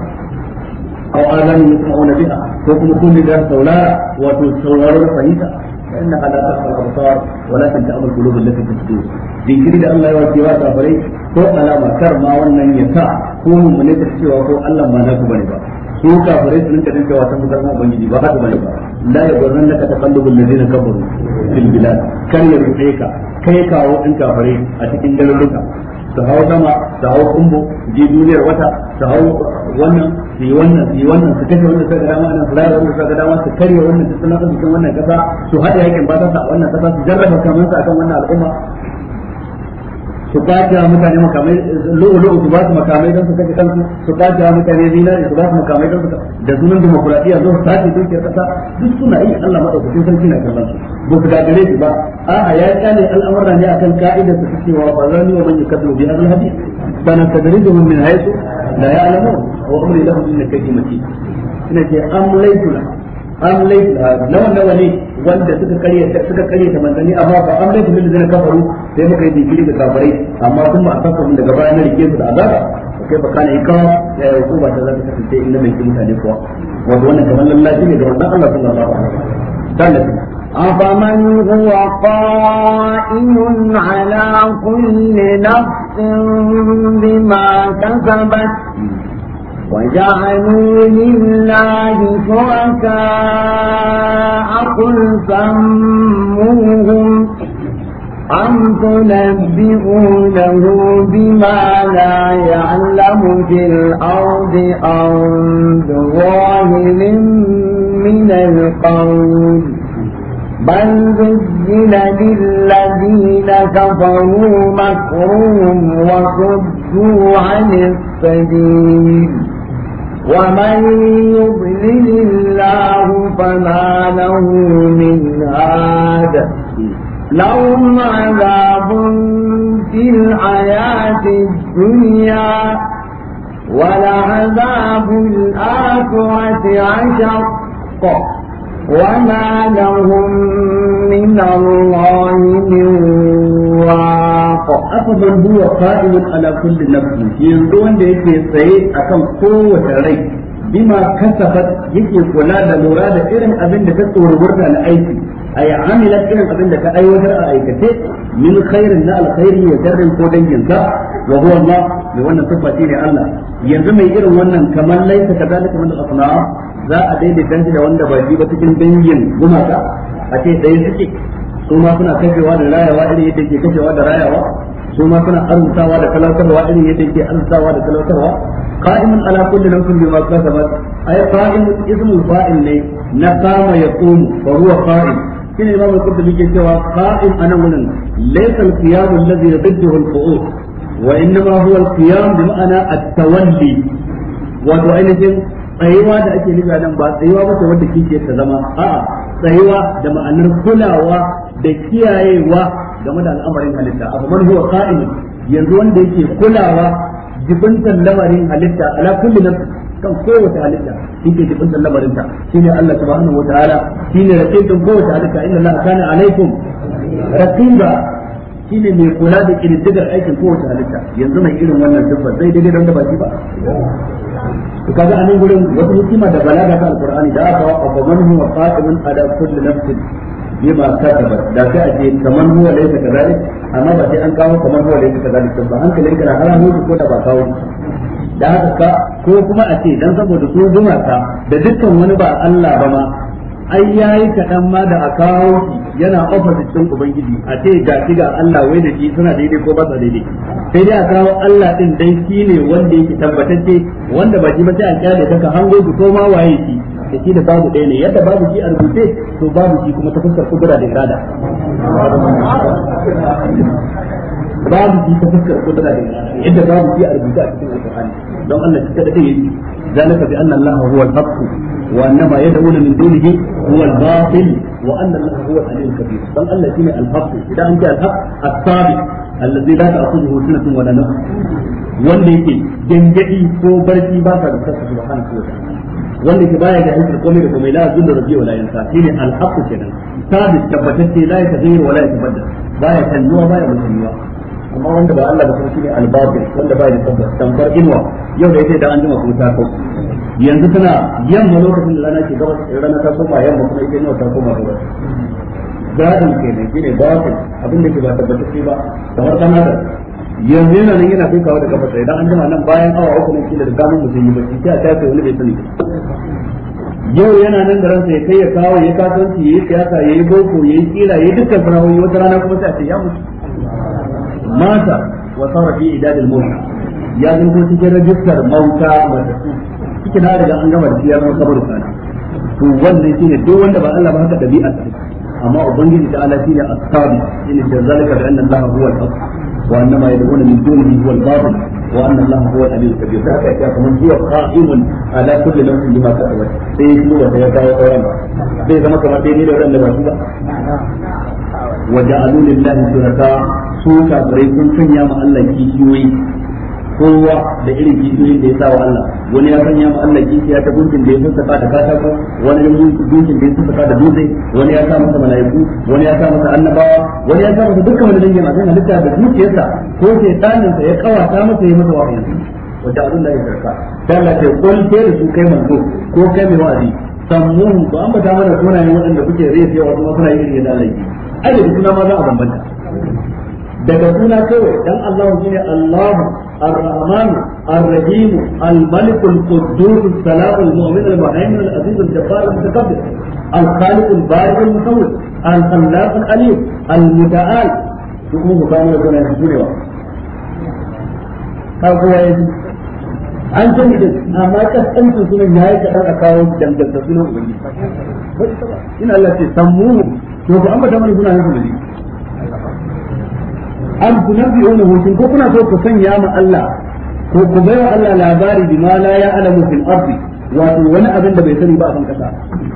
aw azan yasma'una biha ko kuma kun da saurara wato sauraro fahimta فإنها لا تخفى الأبصار ولكن تأمل qulub allati في الصدور ذكر da Allah ya wace wa ta bare ko alama karma wannan ya sa ko mun ne ta cewa ko Allah ba na ku bane ba ko kafirai su rinka jin wasan san mutar mu ubangiji ba haka bane ba la ya gurran laka taqallubul ladina kafaru fil bilad kan ya rufe ka kai kawo din kafirai a cikin garuruka su hau sama su hau kumbo ji duniyar wata su hau wannan su yi wannan su yi wannan su kashe wannan saka dama nan su raya wannan saka dama su karya wannan su sanar cikin wannan kasa su haɗa yakin ba sa wannan kasa su jarraba kamansa akan wannan al'umma su kwace wa mutane makamai lu'ulu'u su ba su makamai don su kashe kansu su kwace wa mutane zinari su ba su makamai don su da sunan demokradiyya zo su sace dukiyar ƙasa duk suna yi Allah madaukakin sarki na kallon su ba su gagare su ba a'a ya kyale al'amuran ne akan ka'idar su suke wa ba za ni wa manyan man yakadu bi hadal hadith bana tadrijuhum min da ya alamu wa umri amri lahum min kaydimati ina ce am laytuna am laifu ah, nawa nawa ne wanda suka karyata suka karyata manzanni amma ba an laifu lil zina kafaru sai muka yi jinkiri da kafarai amma kuma a saka mun daga bayan rike su da azaba kai fa kana ika ya yi hukuma ta za ta kasance inda mai kin mutane kuwa wanda wannan kamar lallashi ne ga wannan Allah sun sallallahu alaihi wasallam أفمن هو قائم على كل نفس بما كسبت وجعلوا لله شركاء قل سموهم أم تنبئونه بما لا يعلم في الأرض أم بظاهر من القول بل زين للذين كفروا مكرهم وصدوا عن السبيل ومن يضلل الله فما له من هاد لهم عذاب في الحياة الدنيا ولعذاب الآخرة أشق وما لهم من الله من cewa fa afdal huwa qa'imun ala kulli yanzu wanda yake tsaye a kan kowace rai bima kasafat yake kula da lura da irin abin da ta tsorogurta na aiki a ya amila irin abin da ta aiwatar a aikace min khairin na alkhairi ya jarrin ko danginsa wa huwa wannan tabbaci ne Allah yanzu mai irin wannan kamar laisa kadalika man asna za a daidaita da wanda ba ji ba cikin dangin gumaka a ce dai suke su ma suna kashewa da rayawa irin yadda yake kashewa da rayawa su ma suna arzutawa da talautarwa irin yadda yake arzutawa da talautarwa qa'imun ala kulli nafsin bima kasabat ay qa'im ismul fa'il ne na qama yaqumu fa huwa qa'im kina imamu qurtubi yake cewa qa'im anan wannan laysa al-qiyam alladhi yadduhu al-qu'ud wa innama huwa al-qiyam bi ma'ana at-tawalli wato ainihin tsayuwa da ake nufi nan ba tsayuwa ba ce wanda kike ta zama a'a tsayuwa da ma'anar kulawa da kiyayewa game da al'amarin halitta abu man huwa qa'im yanzu wanda yake kulawa jibintan lamarin halitta ala kulli nafs kan kowace halitta yake jibintan lamarin ta shine Allah subhanahu wa ta'ala shine raqiqin kowace halitta inna Allah kana alaikum raqiba shine mai kula da kididdigar aikin kowace halitta yanzu mai irin wannan dabbar Zai daidai don da ba shi ba to kaga anan gurin wata hikima da balaga ta alqur'ani da aka wa man huwa qa'imun ala kulli nafsin bima kataba da sai a ce kamar huwa laysa kadhalik amma ba sai an kawo kamar huwa laysa kadhalik ba hankalin kana haramu mutu ko da ba kawo da haka ko kuma a ce dan saboda su gumaka da dukkan wani ba Allah ba ma ai yayi kadan ma da a kawo yana opposite din ubangiji a ce ga shi ga Allah wai da shi suna daidai ko ba sa daidai sai dai a kawo Allah din dai shine wanda yake tabbatacce wanda ba shi ba sai a kyale daga hango ko ma waye shi da shi da babu ɗaya ne yadda babu shi a rubuce to babu shi kuma ta fuskar kudura da irada babu shi ta fuskar kudura da irada yadda babu shi a rubuce a cikin alqur'ani don Allah shi kada dai zalika bi anna Allah huwa al-haqq wa anna ma yad'una min dunihi huwa al-batil wa anna Allah huwa al-aliyyul kabir don Allah shine al-haqq idan an ce al-haqq as-sabiq alladhi la ta'khudhuhu sinatun wa la nawm wanda yake gangadi ko barci ba sa da kansa subhanahu wa ta'ala wanda ke baya ga aikar komai da komai la zullu rabbi wala yansa shine al-haqq kenan sabit tabbatacce la yatazayyaru wala yatabadda baya kalluwa baya mutumiwa amma wanda ba Allah ba kuma shine al-babil wanda baya da tabbas tambar inwa yau da yake da an jima kuma ta kau yanzu tana yamma lokacin da rana ke gabas rana ta koma yamma kuma ita nawa ta koma gabas gadin kenan shine babil abin da ke ba tabbatacce ba kamar dan adam yanzu yana nan yana kai kawo da kafa sai dan an jima nan bayan awa uku ne kila da gamin zai yi bacci sai a tafi wani bai sani yau yana nan da ransa ya kai ya kawo ya kasance ya yi siyasa ya yi boko ya yi kira ya yi dukkan sanawoyi wata rana kuma sai a ce ya mutu mata wa sarra fi idadil mawt ya zanto cikin rajistar mauta mata kike na daga an gama da siyar makabar sana to wannan shine duk wanda ba Allah ba haka dabi'a amma ubangiji ta ala shine as-sabi shine zalika bi anna Allah huwa al-haq وأن ما يدعون من دونه هو الباطل وأن الله هو العلي الكبير ذاك يا كمان هو قائم على كل نفس بما كسبت سي هو سي كاو قرن سي كما كما دي ne wadanda ba su ba وجعلوا لله شركاء su kafirai sun sanya ma Allah kishiyoyi kowa da irin kishiyoyin da ya sa wa Allah wani ya sanya ma Allah kishiya ta gunkin da ya sassaka da katako wani ya gunkin da ya sassaka da dutse wani ya sa masa malaiku wani ya sa masa annabawa wani ya sa masa dukkan wani dangin akan halitta da zuciyarsa ko sai tsanin ya kawa ta masa ya masa wahayi wanda da ya karka dan Allah ce kun ce da su kai manzo ko kai mai wa'azi sammuhu ba an bata mana sunayen waɗanda kuke rai sai wa kuma suna yin da Allah ai da suna ma za a bambanta daga suna kawai dan Allahu shine Allahu Ar-Rahman Ar-Rahim Al-Malik Al-Quddus Al-Salam Al-Mu'min Al-Muhaymin Al-Aziz Al-Jabbar Al-Mutakabbir Al-Khaliq Al-Bari Al-Musawwir Al-Khallaq Al-Alim Al-Muta'al duk mu da sunan ka ya an san amma kasancin sunan yayi kadan a kawo dangantar ina Allah ce ba An am tunabbi'unahu shin ko kuna so ku sanya ma Allah ko ku baiwa Allah labari bi ma la ya'lamu fil ardi wato wani abin da bai sani ba a kan kasa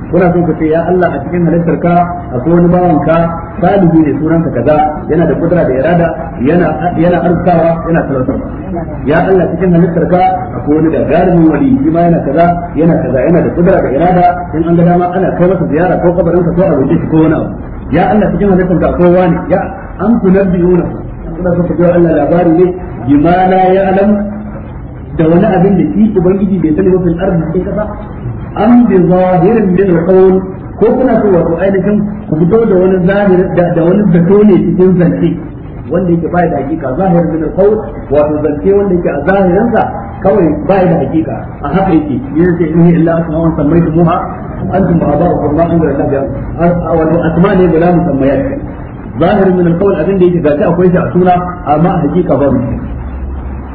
kuna so ku ce ya Allah a cikin halittar ka akwai wani bawan ka salihu ne sunanka kaza yana da kudura da irada yana yana arzikawa yana talautar ya Allah cikin halittar ka akwai wani gagarumin wali shi ma yana kaza yana kaza yana da kudura da irada in an ga dama ana kai masa ziyara ko kabarin ka ko a roƙe shi ko wani abu ya Allah cikin halittar ka akwai wani ya an tunabbi'una suna son su Allah labari ne bima la ya'lam da wani abin da shi ubangiji bai sani ba fil ardi cikin kasa am bi zahirin min al-qawl ko kuna so wato ainihin ku fito da wani zahiri da wani zato ne cikin zance wanda yake bai da hakika zahirin min al-qawl wato zance wanda yake a zahirin sa kawai bai da hakika a haka yake yanzu sai in illa asma'un sammaytumuha antum ba'da'ukum ma anzala Allah bi wato asma ne guda musammayat zahirin min alqawl abin da yake gashi akwai shi a suna amma a hakika babu shi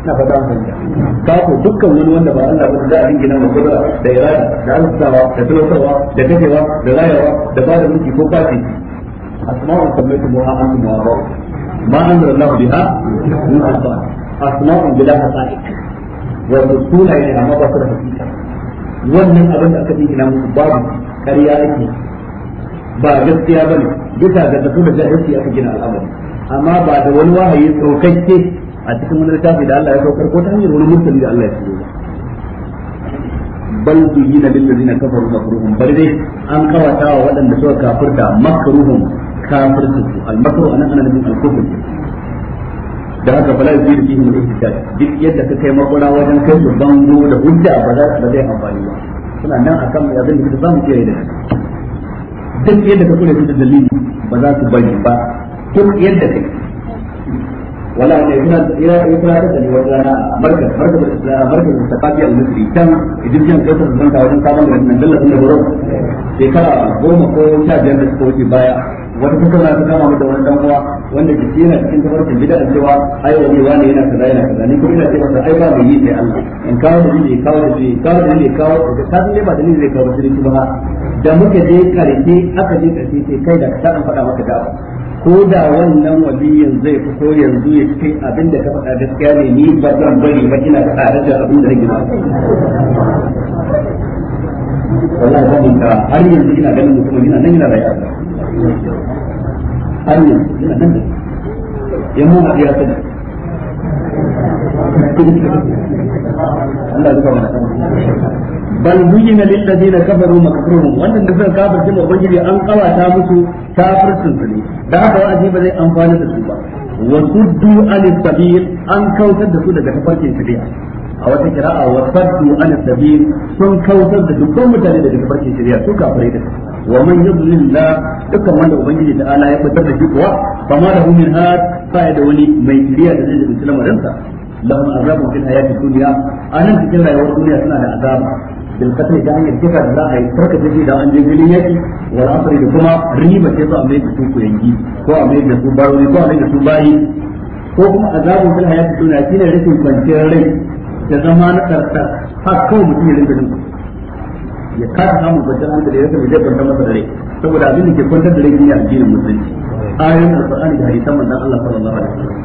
na fata an ta. ka ko dukkan wanda ba Allah ba da a dingina mu kudura da irada da alsawa da talautarwa da kafewa da rayawa da bada mulki ko kafi asma'u sammaytumuha antum wa rabb ma anzala Allah biha min sultan asma'u bila hasaik wa sunaye amma ba su da hakika wannan abin da aka dingina musu babu ƙarya yake. ba gaskiya bane bisa ga zato da jahilci aka gina al'amari amma ba da wani wahayi tsokakke a cikin wani littafi da Allah ya saukar ko ta hanyar wani mursali da Allah ya shigo ba bal na lil ladina kafaru makruhum bal dai an kawata wa waɗanda suka kafirta makruhum kafirtu al makru anan ana nabin al kufr da haka bala zai da fihin da duk yadda ka kai makura wajen kai su bango da hujja ba za ba zai amfani ba suna nan akan abin da zamu kiyaye da shi duk yadda ka kure su da dalili ba za su bari ba duk yadda kai wala ne ina ina ina da ni wata rana barka barka da islam barka da tafiya da misri can egyptian kasar da zanta wajen sabon garin nan dalla sun sai shekara goma ko ta biyar da suka wuce baya wata kuma ta kama da wannan dan uwa wanda jiki yana cikin tafarkin bid'a cewa ai wani wani yana kaza yana kaza ni kuma ina ce masa ai ba mai yi sai Allah in kawo da ni kawo da ni kawo da ni kawo da ta ne ba da ne zai kawo shi ba da muka je karke aka je karke sai kai da ka an faɗa maka da ko da wannan waliyin zai fito yanzu ya ce abin da ka faɗa gaskiya ne ni ba zan bari ba ina faɗa da abin da nake ba wallahi zan ka har yanzu ina ganin mutum yana nan yana rayuwa har yanzu yana nan da ya mu haɗu ya sani Allah zuba mana bal buyina lil wannan da suka kafirce mu ubangiji an kawata musu kafircin su ne da haka wa'azi ba zai amfana da su ba wa suddu an sabil an kautar da su daga tafarkin shari'a a wata kira'a wa saddu an sabil sun kautar da dukkan mutane daga tafarkin shari'a su kafirai da su wa man yudlil la dukkan wanda ubangiji da ala ya fitar da shi kuwa fa ma lahu min had fa da wani mai kiriya da zai da musulmanin sa fil hayatid dunya anan cikin rayuwar duniya suna da azaba bil qatl da hanyar kisa da za a yi tarka da da an da kuma a da su kuyangi ko da ya kasa samun kwanciyar hankali ya zai kwantar masa dare saboda abin da ke kwantar da rai shine addinin musulunci ayoyin alqur'ani da hadisan Allah sallallahu alaihi wasallam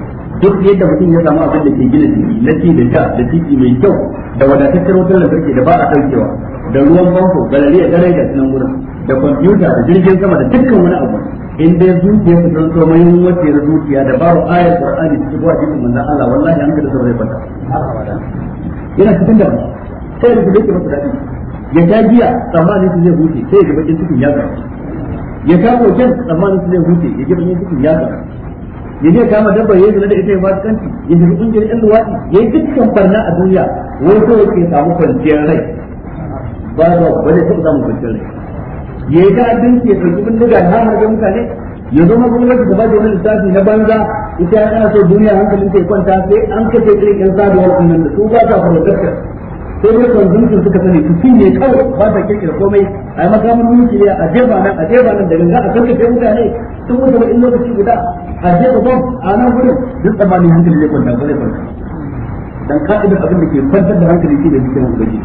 duk yadda mutum ya samu abin da ke gina jiki na ci da da titi mai kyau da wadataccen wutar lantarki da ba a ɗaukewa da ruwan famfo galariya galari da sunan gurin da kwamfuta da jirgin sama da dukkan wani abu in dai zuciya su zanto yin na zuciya da babu ayar qur'ani su zuwa jikin manzon Allah wallahi an gada da fata yana cikin da sai da duk yake masa daɗi ya ta giya tsammanin su zai huce sai ya ga bakin cikin ya karu ya ta koken tsammanin su zai huce ya ga bakin cikin ya karu ya je kama dabba ya zina da ita ya fasu kanci ya shiga kungiyar yan luwaɗi ya yi dukkan barna a duniya wani kawai ke samu kwanciyar rai ba ba ba zai taɓa samun kwanciyar rai ya yi abinci ya ɗauki bindiga na harbe mutane ya zo ma gwamnati ta da wani lissafi na banza ita ya ana so duniya hankalin ta ya kwanta sai an kace irin yan sabuwar nan da su ba ta fara gaskiya sai dai zuciya suka sani su fi ne kawai ba ta kirkira komai a yi makamin ne a jefa nan a jefa nan da ganga a karkace mutane sun wuce ba in lokaci guda a jefa bom a nan gudun duk tsammanin hankali ne kwanta zai kwanta dan ka'idar abin da ke kwantar da hankali shi da jikin hankali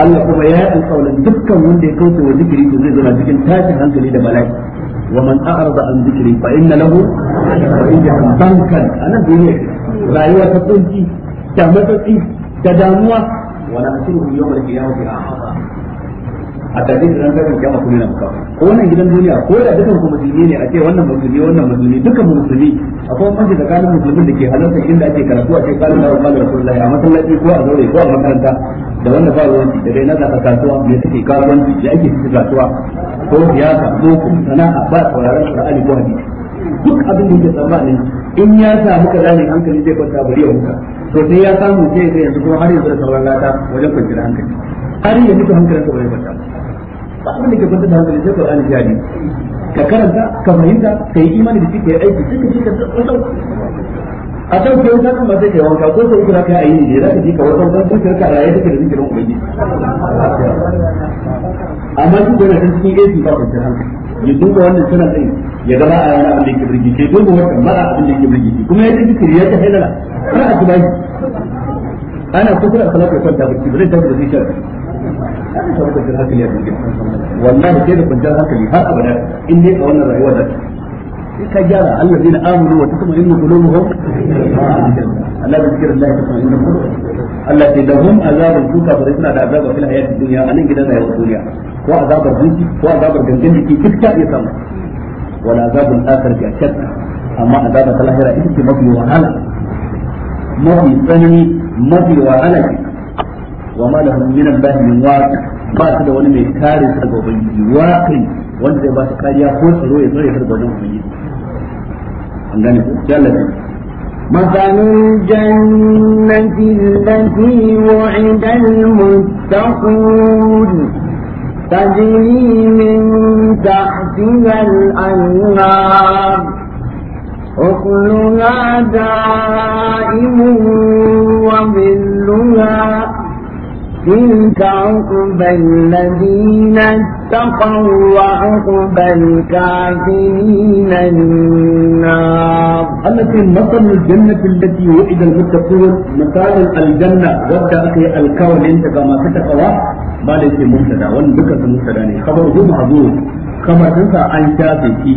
Allah kuma ya yi alƙawarin dukkan wanda ya kauce wa zikiri to zai zama cikin tashin hankali da bala'i wa man a'rada an zikiri fa inna lahu bankan anan duniya rayuwa ta kunci ta matsatsi da damuwa ونحشره يوم القيامة a ko wannan gidan duniya ko da dukan ku musulmi ne a ce wannan musulmi wannan musulmi dukan musulmi akwai wani da kalin musulmin da ke halarta inda ake karatu a ce kalin da wannan rasulullahi ko a zaure ko a makaranta da wannan ba ruwanci da dai naza a kasuwa me take kasuwanci da ake cikin kasuwa ko siyasa boko sana'a ba sauraron qur'ani ko hadisi duk abin da yake tsammanin in ya samu kaza ne hankali zai kwanta bari ya huta to sai ya samu sai sai yanzu kuma har yanzu da sauran lata wajen kwanciyar hankali har yanzu mutu hankalin ka wajen kwanta ba abin da ke kwanta da hankali sai Qur'ani ya ne ka karanta ka fahimta ka yi imani da shi aiki sai ka shi ka a can ke wuta kan ba sai kai wanka ko sai kira kai ayi ne zaka ji ka wata zuciyarka a raye take da zikirin ubangiji amma duk da yana cikin AC ba kwanciyar hankali ya duba wannan tana din ya gaba a yana abin da yake birgi ke duba wata mara abin da yake birgi kuma ya ji ya ta hailala har a kuma ana kusa a salatu ko kwanta bare ta da zai shar ana samu kwanciyar hankali ya birgi wallahi sai da kwanciyar hankali har abada in dai a wannan rayuwa da ka gyara wa Allah Allah sai da hum azabun bare suna da fil hayatid dunya anan gidan rayuwar duniya ko azabar zuci ko azabar gangan jiki duk ta iya samu wala azabul akhir fi ashad amma azabar ta lahira ita ce mafi wahala mafi tsanani mafi wahala ce wa ma lahum min Allah min waq ba su da wani mai kare su daga ubangiji waqi wanda zai ba su kariya ko tsaro ya tsare su daga wajen ubangiji an gane ku sai مثل الجنة التي وعد المتقون تجري من تحتها الأنهار أكلها دائم وظلها تلك عقبى الذين اتقوا وعقبى الكافرين النار التي مثل الجنة التي وعد المتقون مثال الجنة أخي الكون عندك ما تتقوى ba da yake mubtada wannan dukkan su mubtada ne khabaru mahzuf khabarin sa an shafe shi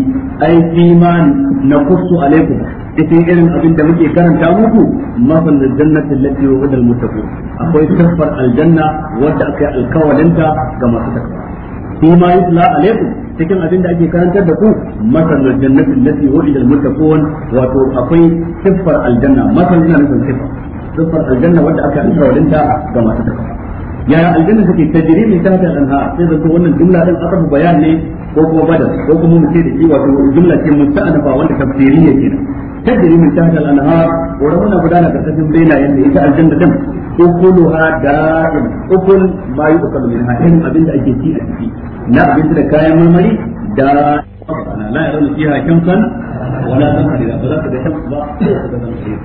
ai iman na kusu alaikum ita irin abin da muke karanta muku mafal jannati allati wa'ada almuttaqun akwai tabbar aljanna wadda aka yi alkawalinta ga masu takwa fima yutla alaikum cikin abin da ake karantar da ku masal jannati allati wa'ida almuttaqun wato akwai tabbar aljanna masal yana nufin sifa siffar aljanna wadda aka alkawalinta ga masu takwa ya aljanna take tajri min tahta al-anhar sai da wannan jumla din aka bayan ne ko kuma badal ko kuma mu ce da shi wato jumla ce musta'anafa wanda tafsiriyya kenan tajri min tahta al anha wurin wannan gudana karkashin bainayen da ita aljanna din ukuluha da'im ukul ma yuqalu min hahin abinda ake ci a ciki na abinci da kayan marmari da ana la yarawna fiha shamsan wala zamharira ba za ka ga ba da zamharira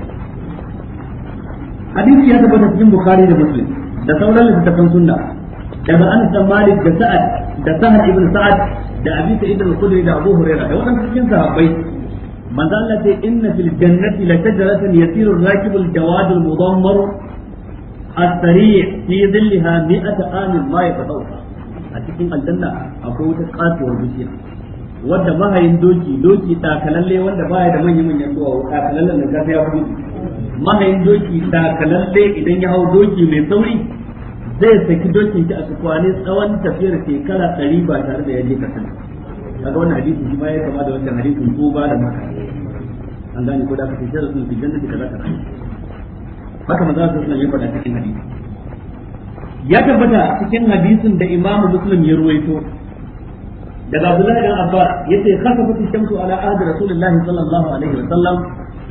hadisi ya tabbata cikin bukhari da muslim da sauran littattafan sunna daga Anas bin Malik da Sa'ad da Sa'ad ibn Sa'ad da Abi Sa'id al-Khudri da Abu Hurairah da wadannan cikin sahabbai manzo Allah sai inna fil jannati la shajaratan yasiru ar-rakibu al-jawad al-mudammar as-sari' fi dhillaha mi'ata amin ma yatawaffa a cikin aljanna akwai wata katuwar bishiya wadda mahayin doki doki takalalle wanda baya da manyan manyan duwawu takalallen da ta ya kuma mahayin doki takalalle idan ya hau doki mai sauri zai saki dokin ki a tukwane tsawon tafiyar shekara ɗari ba tare da ya kasan kasan ga wannan hadisi shi ma ya kama da wancan hadisin ko ba da maka an gane ko da ka fitar da su fi jannati zaka kaza haka maza su suna yin ya faɗa cikin hadisi ya tabbata cikin hadisin da imamu muslim ya ruwaito daga abdullahi dan abbas yace khasafatu shamsu ala ahdi rasulullahi sallallahu alaihi wasallam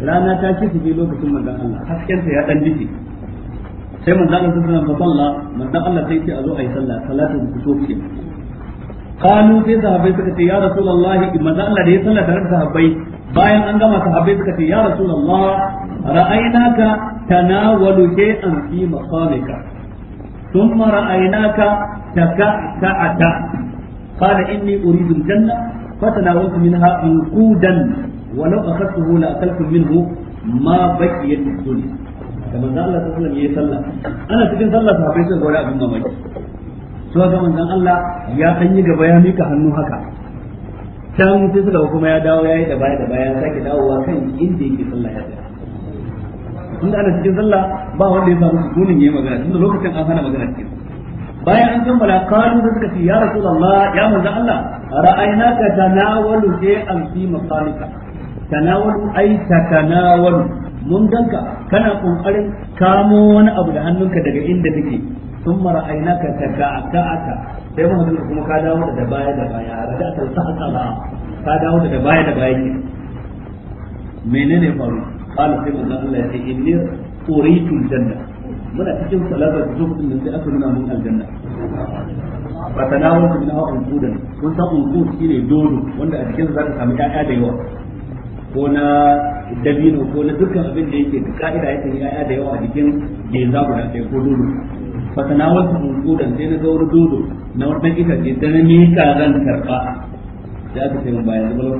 rana ta ci su bi lokacin manzon Allah hasken ta ya dan dace sai mun zalla sun suna mun dan Allah sai ce a zo ayi sallah salatu kanu sai sahabbai suka ce ya rasulullahi manzo Allah da ya sallah tare da sahabbai bayan an gama sahabbai suka ce ya rasulullah ra'aynaka tanawalu shay'an fi maqamika ثم رأيناك تكأتأت قال إني أريد الجنة فتناولت منها عنقودا ولو أخذته لأكلت منه ما الدنيا da manzon Allah sallallahu alaihi yayi sallah ana cikin sallah sahabbai sun gora abin mamaki su ga manzon Allah ya dan gaba ya mika hannu haka can sai suka kuma ya dawo yayi da baya da baya sake dawowa kan inda yake sallah ya tsaya tunda ana cikin sallah ba wanda ya samu sukunin yayi magana tunda lokacin an hana magana cikin bayan an kammala kalu da suka ce ya rasulullah ya manzo Allah ra'aynaka tanawalu shay'an fi maqalika tanawalu ay tatanawalu mun ganka kana kokarin kamo wani abu da hannunka daga inda nake sun mara aina ka taka aka aka sai mun ganka kuma ka dawo da baya da baya rada ta sa'ata ba ka dawo da baya da baya ne menene faru qala sai mun Allah ya ce inni uritu janna muna cikin salatar zuhur din sai aka nuna mun aljanna fa tanawaltu min hawa unqudan kun san unqud shine dodo wanda a cikin zaka samu ƴaƴa da yawa ko na dabino ko na dukkan abin da yake da ka'ida yake ya'ya da yawa a jikin geza guda ɗaya ko dodo fasana wasu hukudan sai na ga dodo na wani ita ce ta na miƙa zan karɓa da aka ce bayan zubar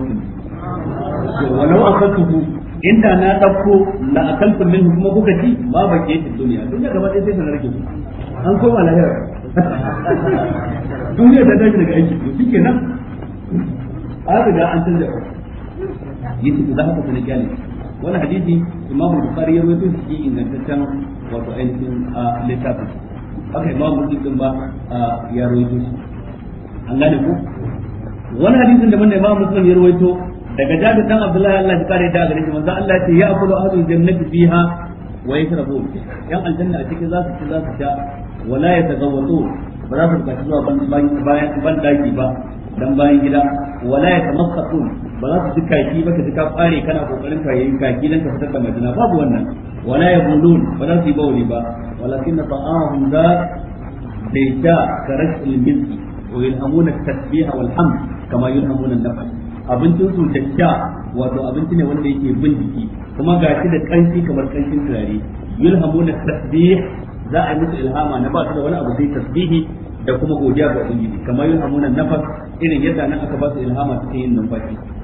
wasu walau a kasu inda na ɗauko a akaltu min kuma kuka ci ba ba ke ci duniya da gaba ɗaya sai ta narke ku an koma lahira [laughs] duniya ta tashi daga aiki to shikenan an riga an canza ku yace to da haka sai gane wannan hadisi Imam Bukhari ya rawaito shi ingantaccen wato ainihin littafin haka Imam Muslim din ba ya rawaito shi an gane ko wannan hadisin da Imam Muslim ya rawaito daga Jabir dan Abdullahi Allah ya kare da gare shi manzo Allah ya ce ya akulu ahlul jannati fiha wa yashrabu yan aljanna a cikin za su ci za su sha wala yatazawwatu ba za su bukaci zuwa ban daki ba dan bayan gida wala yatamassaqun ba za su ji kaki ba ka ji ka kware kana kokarin ka yi kaki dan ka fitar da majina babu wannan wala ya yabulun ba za su yi bawli ba walakin ta'ahum za daita karash al-milki wa yin amuna tasbiha, wal hamd kama yulhamuna an-nafal abincin su dakka wato abinci ne wanda yake bin jiki kuma gashi da kanshi kamar kanshin turare yulhamuna at-tasbih za a yi musu ilhama na ba su da wani abu sai tasbihi da kuma godiya ga ubangiji kamar yulhamuna an-nafal irin yadda nan aka ba su ilhama suke yin numfashi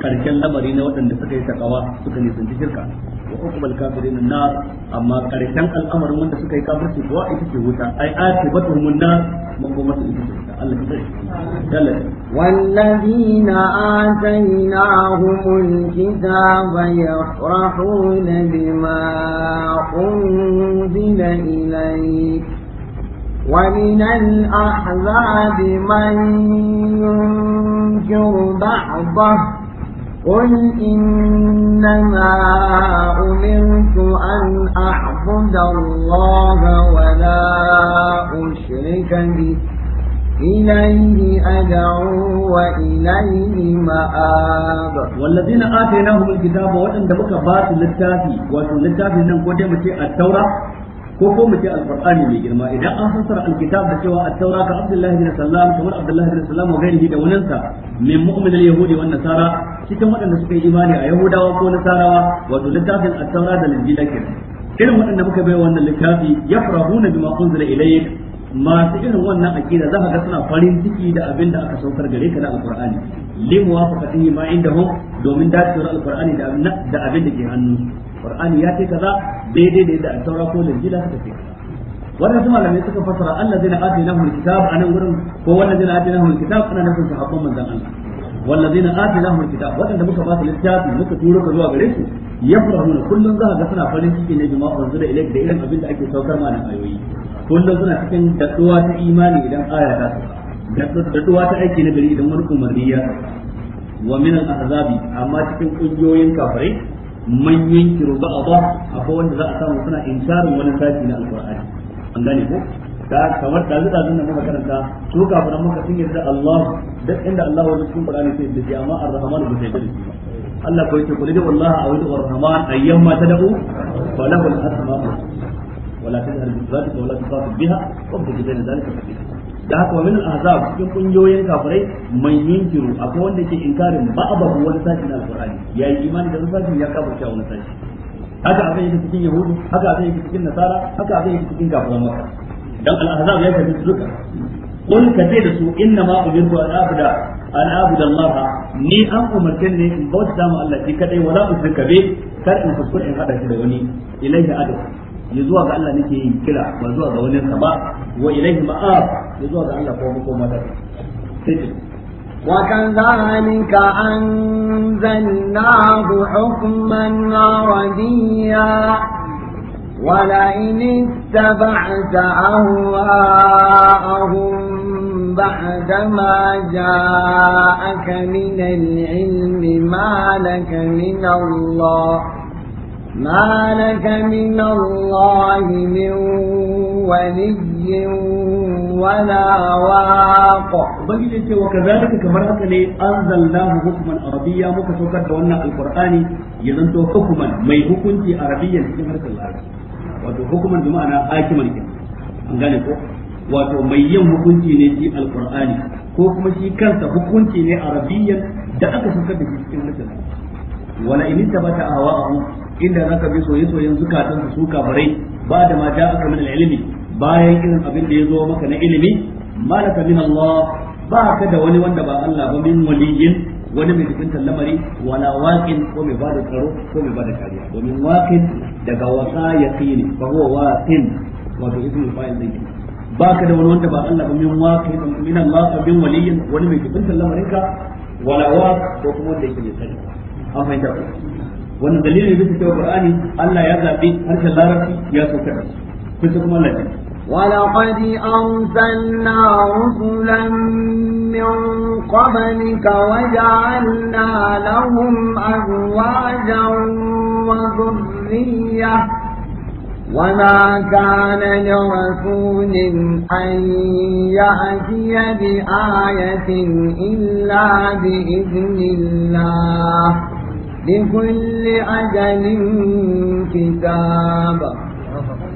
karshen lamari na waɗanda suka yi takawa suka nisanci shirka wa hukumul kafirin na, amma karshen al'amarin wanda suka yi kafirci kuwa ita ce wuta ai atibatuhum nar makomatu ita ce wuta Allah ya tsare والذين آتيناهم الكتاب يفرحون بما أنزل إليك ومن الأحزاب من ينكر بعضه قل إنما أمرت أن أعبد الله ولا أشرك به إليه أدعو وإليه مآب والذين آتيناهم الكتاب وأن دبك بات للتافي وأن للتافي نم قدم التوراة ko ko mu ce alqur'ani mai girma idan an fassara alkitab da cewa at-taura ka abdullahi bin sallam kamar abdullahi bin sallam wa gairihi nasara cikin waɗanda suka yi imani a yahudawa ko nasarawa wato littafin at-taura da injila kenan irin waɗanda muka bai wannan littafi yafrahuna bima unzila ilayk masu irin wannan akida za ka ga suna farin ciki da abin da aka saukar gare ka na alqur'ani limuwa faqatihi ma indahum domin dacewar alqur'ani da abin da ke hannu qur'ani ya ce kaza daidai da yadda at-taura ko injila suka ce wannan su malamai suka fasara Allah zai na atina hul kitab anan gurin ko wannan zai na atina hul kitab ana nufin sahabban manzon Allah والذين آتيناهم الكتاب وإن دمك باطل الكتاب مك تورك زوا غريس يفرحون كل ذا غسنا فلن تكين بما أنزل إليك ده إلم أبين أكي سوكر ما نم أيوي كل ذا تكين دقوة إيمان إلم آية دقوة أكي نبري إلم ونكم مريا ومن الأحزاب أما تكين أجوين كافرين من ينكر بعضه أفوان ذا أسامه سنة إنكار ونساتي القرآن أن ذلك da kamar da zuwa zuwa muka karanta su kafiran muka sun da Allah duk inda Allah wajen cikin Qur'ani sai da amma Ar-Rahman ba sai da shi Allah ko yake kulli wallahi a wajen Ar-Rahman ayyamma tad'u fa lahu al-asma'u wala tadhar bi dhatika wala tusafid biha wa bi bayna dhalika kabira da haka wa min al-ahzab cikin kungiyoyin kafirai man yinkiru akwai wanda yake inkarin ba'abahu wani sashi na al yayi imani da sashi ya kafirta wani sashi haka abin yake cikin yahudu haka abin yake cikin nasara haka abin yake cikin kafiran makka dan al-ahzab ya tafi duka kun ka ce da su inna ma umirtu an abuda an abuda Allah ni an umarce ne in bauta ma Allah shi kadai wala usrika bi kar in kuskure in hada shi da wani ilaihi adu ya zuwa ga Allah nake yin kira ba zuwa ga wani sa ba wa ilaihi ma'ab ya zuwa ga Allah ko ko mata sai وكذلك أنزلناه حكما عربيا ولئن اتبعت أهواءهم بعد ما جاءك من العلم ما لك من الله ما لك من الله من ولي ولا واق بجد وكذلك كما أنزل الله حكما عربيا مكسوكا دون القرآن يزنتو حكما ما يحكمتي عربيا في الأرض wato hukuman bi ma'ana hakiman ke an gane ko wato mai yin hukunci ne shi alqur'ani ko kuma shi kansa hukunci ne a arabiyyan da aka saukar da shi cikin littafin wala in a ahwa'ahum inda zaka bi soyayyen zukatan su barai, ba da ma da aka min ilimi bayan irin abin da ya zo maka na ilimi malaka min Allah ba ka da wani wanda ba Allah ba min waliyin wani mai jikin lamari wala waqin ko mai bada tsaro ko mai bada kariya domin waqin daga waqa yaqini fa huwa waqin wato ismul fa'il din baka da wani wanda ba Allah ba min waqin min Allah bin waliyin wani mai jikin lamarin ka wala waq ko kuma wanda yake sani an fahimta ku wannan dalilin da bisa cewa Qur'ani Allah ya zabi harshen Larabci ya saukar kusa kuma Allah ولقد أرسلنا رسلا من قبلك وجعلنا لهم أزواجا وذرية وما كان لرسول أن يأتي بآية إلا بإذن الله لكل أجل كتاب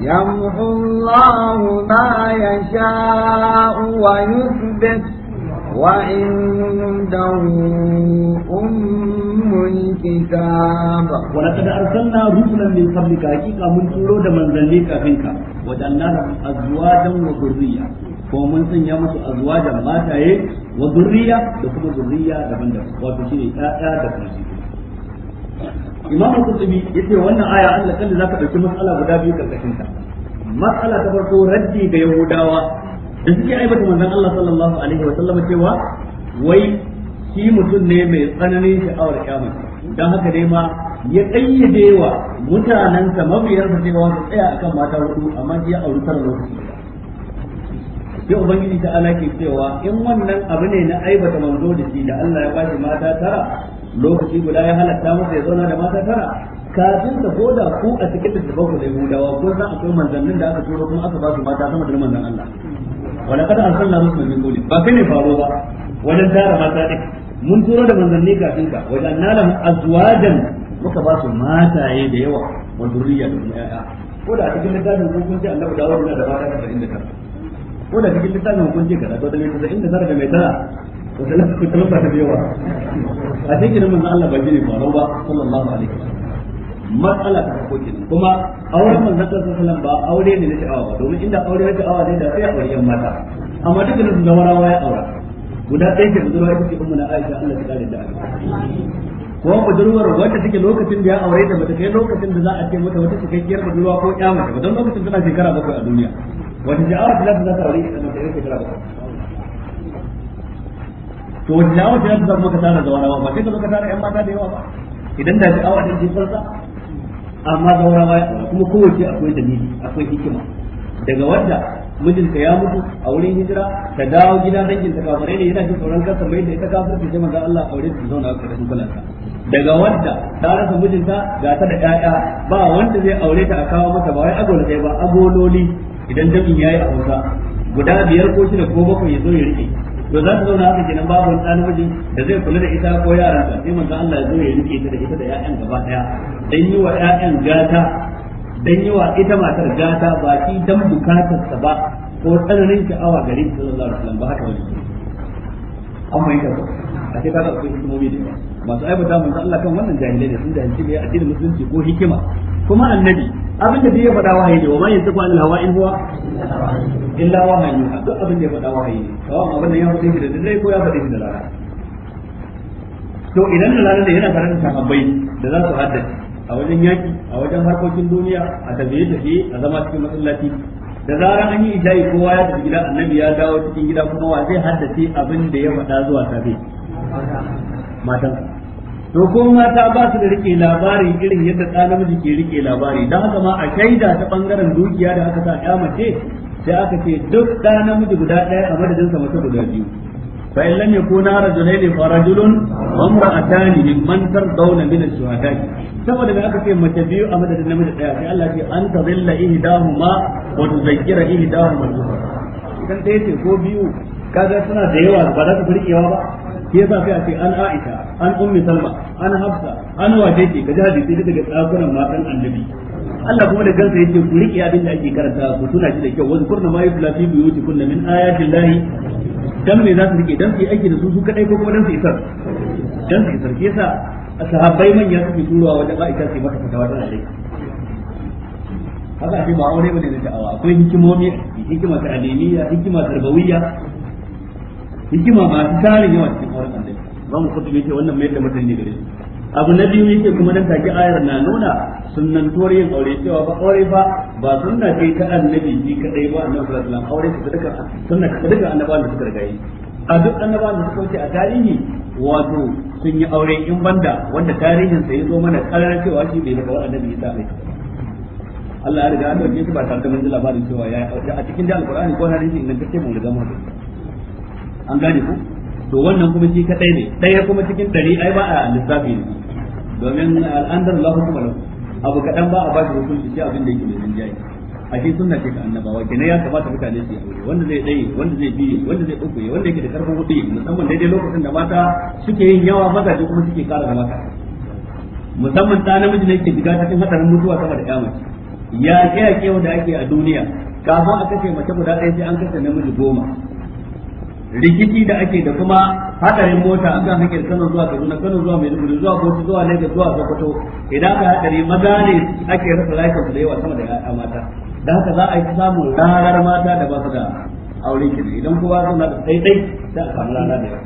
يمحو الله ما يشاء ويثبت وعنده أم الكتاب ولقد أرسلنا رسلا من قبلك حقيقة من تورو من ذلك فيك وجعلناهم أزواجا وذرية ko سن يمس أزواجا ما تأيه وذرية لكم ذرية kuma zurriya daban-daban wato shine imamu ya yace wannan aya Allah kalli zaka dauki mas'ala guda biyu karkashin ta mas'ala ta farko raddi ga yahudawa da suke aibata manzon Allah sallallahu alaihi wa sallam cewa wai shi mutum ne mai tsananin sha'awar kyamar dan haka dai ma ya kayyade wa mabiyar mabiyansa cewa su tsaya akan mata hudu amma shi ya auri tara lokaci sai ubangiji ta ala ke cewa in wannan abu ne na aibata manzo da shi da Allah ya bashi mata tara lokaci guda ya halatta masa ya zauna da mata tara kafin ka ko da ku a cikin littafin ku da Yahudawa ko za a kai manzannin da aka turo kuma aka ba su mata sama da manzan Allah wala kada arsalna musu mun qawli ba kai ne faro ba wajen tara mata din mun turo da manzanni kafin ka wajen nalam azwajan muka ba su mataye da yawa wa zurriya da kuma yaya ko da cikin littafin ku kun ce Annabi Dawud yana da ta mata 79 ko da cikin littafin ku kun ce kaza to da mai 99 da mai tara ku talauta ta yawa a cikin nan manzon Allah ba jini kwaro ba sallallahu alaihi wasallam matsala ta farko kenan kuma auren manzon Allah sallallahu ba aure ne na sha'awa ba domin inda aure na sha'awa ne da sai a aure mata amma dukkan su zawarawa ya aura guda ɗaya ke budurwa ita ce ummu na Aisha Allah ta kare da ko budurwar wacce take lokacin da ya aure ta bata kai lokacin da za a ce mata wata cikakkiyar budurwa ko kyamata ba don lokacin tana shekara bakwai a duniya wata sha'awa ta za ta aure ta tana shekara bakwai to wata yawon shi yadda zama ka tara zawarawa ba sai ka zo tara yan mata da yawa ba idan da sha'awa din ce farsa amma zawarawa kuma kowace akwai dalili akwai hikima daga wanda mijinta ya mutu a wurin hijira ta dawo gida dangin ta kafirai ne yana jin tsoron kansa mai da ita kafirci sai manzo Allah aure ta zauna a karkashin kulanta daga wanda ta rasa mijinta ga ta da ƴaƴa ba wanda zai aure ta a kawo mata ba wai agolo ɗaya ba agololi idan dabin yayi a Hausa guda biyar ko shida ko bakwai ya zo ya rike to za ta zauna haka kenan babu wani ɗalibi da zai kula da ita ko yara ta sai manzo Allah ya zo ya rike ta da ita da ƴaƴan gaba ɗaya dan yi wa ƴaƴan gata dan yi wa ita matar gata ba shi dan bukatar sa ba ko tsananin sha'awa gare sallallahu alaihi wasallam ba haka wani an mai ta a ce ta da akwai hikimomi da yawa masu aibata manzo Allah kan wannan jahilai ne sun jahilci ne addinin musulunci ko hikima kuma annabi abin da ya faɗa wahayi ne wa ma yantaku anil hawa in huwa illa wahayi duk abin da ya faɗa wahayi ne kawai abin da ya faɗe shi da dare ko ya faɗa shi da rana to idan da rana da yana tare da sahabbai da za su haddace a wajen yaki a wajen harkokin duniya a tafiye-tafiye a zama cikin masallaci da zarar an yi isha'i kowa ya tafi gida annabi ya dawo cikin gida kuma wa zai haddace abin da ya faɗa zuwa safe matan to ko mata ba su da rike labari irin yadda ɗa namiji ke rike labari dan haka ma a shaida ta bangaren dukiya da aka sa ya mace sai aka ce duk ɗa namiji guda ɗaya a madadin sa mace guda biyu fa in lam yakuna rajulain fa rajulun wa imra'atani mimman tardawna min ash-shuhada saboda da aka ce mace biyu a madadin namiji ɗaya sai Allah ce an tadilla ihdahuma wa tuzakkira ihdahuma idan dai ce ko biyu kaga suna da yawa ba za ta furkewa ba shi yasa sai a ce an Aisha an Ummi Salma an Hafsa an wace ce ka ji hadisi daga tsakuran matan annabi Allah kuma da kansa yake ku riƙe abin da ake karanta ku tuna shi da kyau wani kurna ma yusla fi buyutikunna min ayatin lahi dan me za su rike dan su yi aiki da su su kadai ko kuma dan su isar dan su isar shi yasa sahabbai manya suke turowa wajen Aisha sai mata fatawa tana dai haka ake ba aure bane da ta'awa akwai hikimomi hikima ta'alimiya hikima tarbawiyya hikima ba su tarin yawa cikin auren annabi ba mu kudu yake wannan mai da mutane gare su abu na biyu yake kuma nan take ayar na nuna sunnantuwar yin aure cewa ba aure ba ba sunna kai ta annabi ji kadai ba annabi sallallahu alaihi wasallam aure su duka sunna ka duka annabawan da suka gaye a duk annabawan da suka wuce a tarihi wato sun yi aure in banda wanda tarihin sai ya zo mana karar cewa shi bai daga annabi ya tabe Allah ya riga an dauke shi ba tare da mun ji labarin cewa ya a cikin da alqur'ani ko hadisi ingantacce mun riga mun an gane ku to wannan kuma shi kadai ne daya kuma cikin dari ai ba a lissafi ne domin al'andar lahu kuma lafi abu kadan ba a ba shi hukunci shi abin da yake mai rinjaye a shi sunna ce ka annabawa kenan ya kamata mutane su yi wanda zai dai wanda zai biye wanda zai uku wanda yake da karfin hudu musamman daidai lokacin da mata suke yin yawa mazaje kuma suke kara da mata musamman ta namiji ne ke shiga cikin hatsarin mutuwa sama da kyamar ya ke wanda ake a duniya kafin a kashe mace guda ɗaya sai an kashe namiji goma rikici da ake da kuma hadarin mota a kan hanyar Kano zuwa Kaduna Kano zuwa Maiduguri zuwa kotu zuwa Lagos zuwa Sokoto idan aka hadari maza ne ake rasa rayukan su da yawa sama da ya mata da haka za a yi samun ranar mata da ba su da aure kin idan kowa suna da daidai da a samu rana da yawa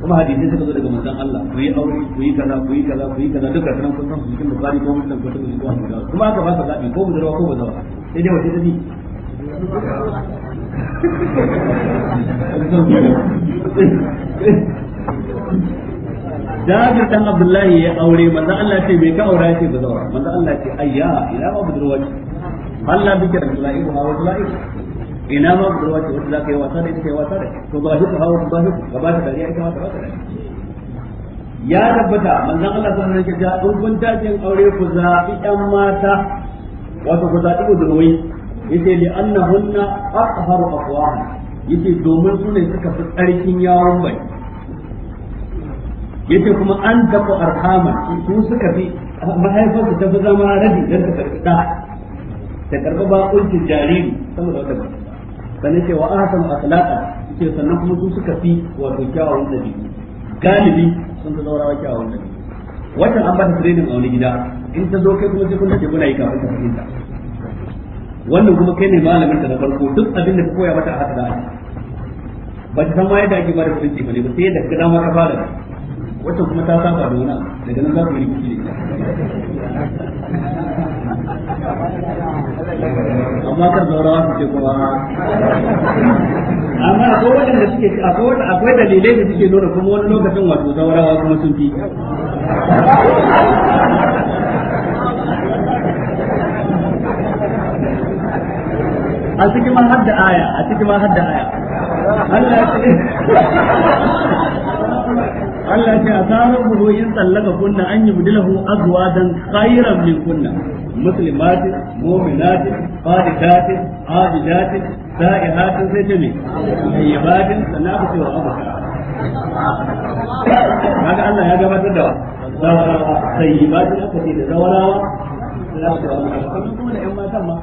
kuma hadisi suka zo daga manzon Allah ku yi aure ku yi kaza ku yi kaza ku yi kaza duka sanan kun san cikin bukari ko muslim ko tabbata ko kuma aka ba su zaɓi ko budurwa ko bazawa sai dai wace ta Jabir dan Abdullahi ya aure manzo Allah ce bai ka aura ce ba zaura manzo Allah ce ayya ina ma budurwa ce Allah bike da la'ibu ha wa la'ibu ina ma budurwa ce wanda zaka yi wasa da ita kai wasa da to ba shi hawa ba shi ka ba ta riya ita ma ta ba ta ya tabbata manzo Allah sallallahu alaihi wasallam ya ce in kun tafi aure ku zabi dan mata wato ku zabi budurwai yace li annahunna aqharu afwaha yace domin su ne suka fi tsarkin yawon bai yace kuma an dafa arhama su suka fi mahaifar su ta fi zama rabi dan ta karbi da ta karbi ba ulcin jariri saboda wata ba sannan ce wa ahsan akhlaqa yace sannan kuma su suka fi wato kyawun dabi'u galibi sun fi zaurawa kyawun dabi'u wata an ba ta training a wani gida in ta zo kai kuma sai kun da kuna yi kafin ta fahimta wannan kuma kai ne malamin ka na farko duk abin da ka koya mata a haka da ba ta san ma yadda ake ba da kuɗi ba ne ba sai da ka dama ka fara wacce kuma ta saba da wani daga nan za ku yi rikici ne amma kan zaurawa su ce kuma amma akwai da suke akwai dalilai da suke nuna kuma wani lokacin wato zaurawa kuma sun fi a cikin ma hadda aya a cikin ma hadda aya Allah ya ce Allah ya ce asarar buhu in tsallaka kunna an yi mudilahu azwajan khairan min kunna muslimatin mu'minatin qaditatin abidatin sa'ihatin sai ce me ayyabatin sana'a ce wa abuka kaga Allah ya gabatar da zawarawa sayyibatin aka ce da zawarawa za su da wani kuma da 'yan matan ma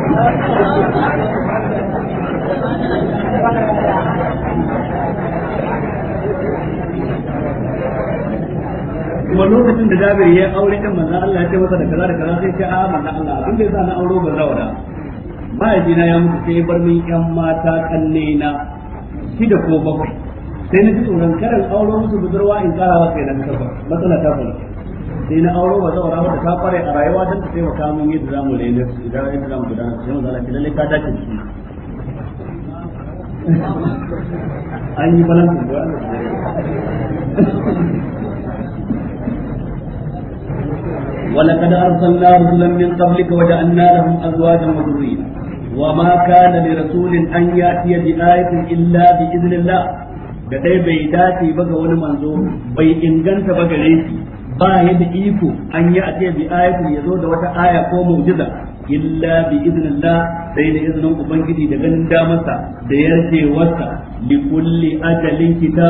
kuma lokacin da Jabir ya aure kan manzo Allah ya ce masa da kaza da kaza sai ce a manzo Allah abin da yasa na auro ban rawada mahaifina ya mutu sai bar min yan mata kalle na shida ko bakwai sai na ji tsoron karan auro musu budurwa in karawa kai na kafa matsala ta faru sai na auro ba zaura mata ta fara a rayuwa don ta taimaka min yadda za mu rena idan yadda za mu gudanar sai mu zalafi lallai ka dace shi an yi balansin da ولقد أرسلنا رسلا من قبلك وجعلنا لهم أزواجا وذرية وما كان لرسول أن يأتي بآية إلا بإذن الله da dai bai dace ba ga wani manzo bai inganta ba ga shi ba ya da iko an yi a bi ayatin ya zo da wata aya ko mu'jiza illa bi idnillah sai da izinin ubangiji da ganin damarsa da wasa li kulli ajalin kita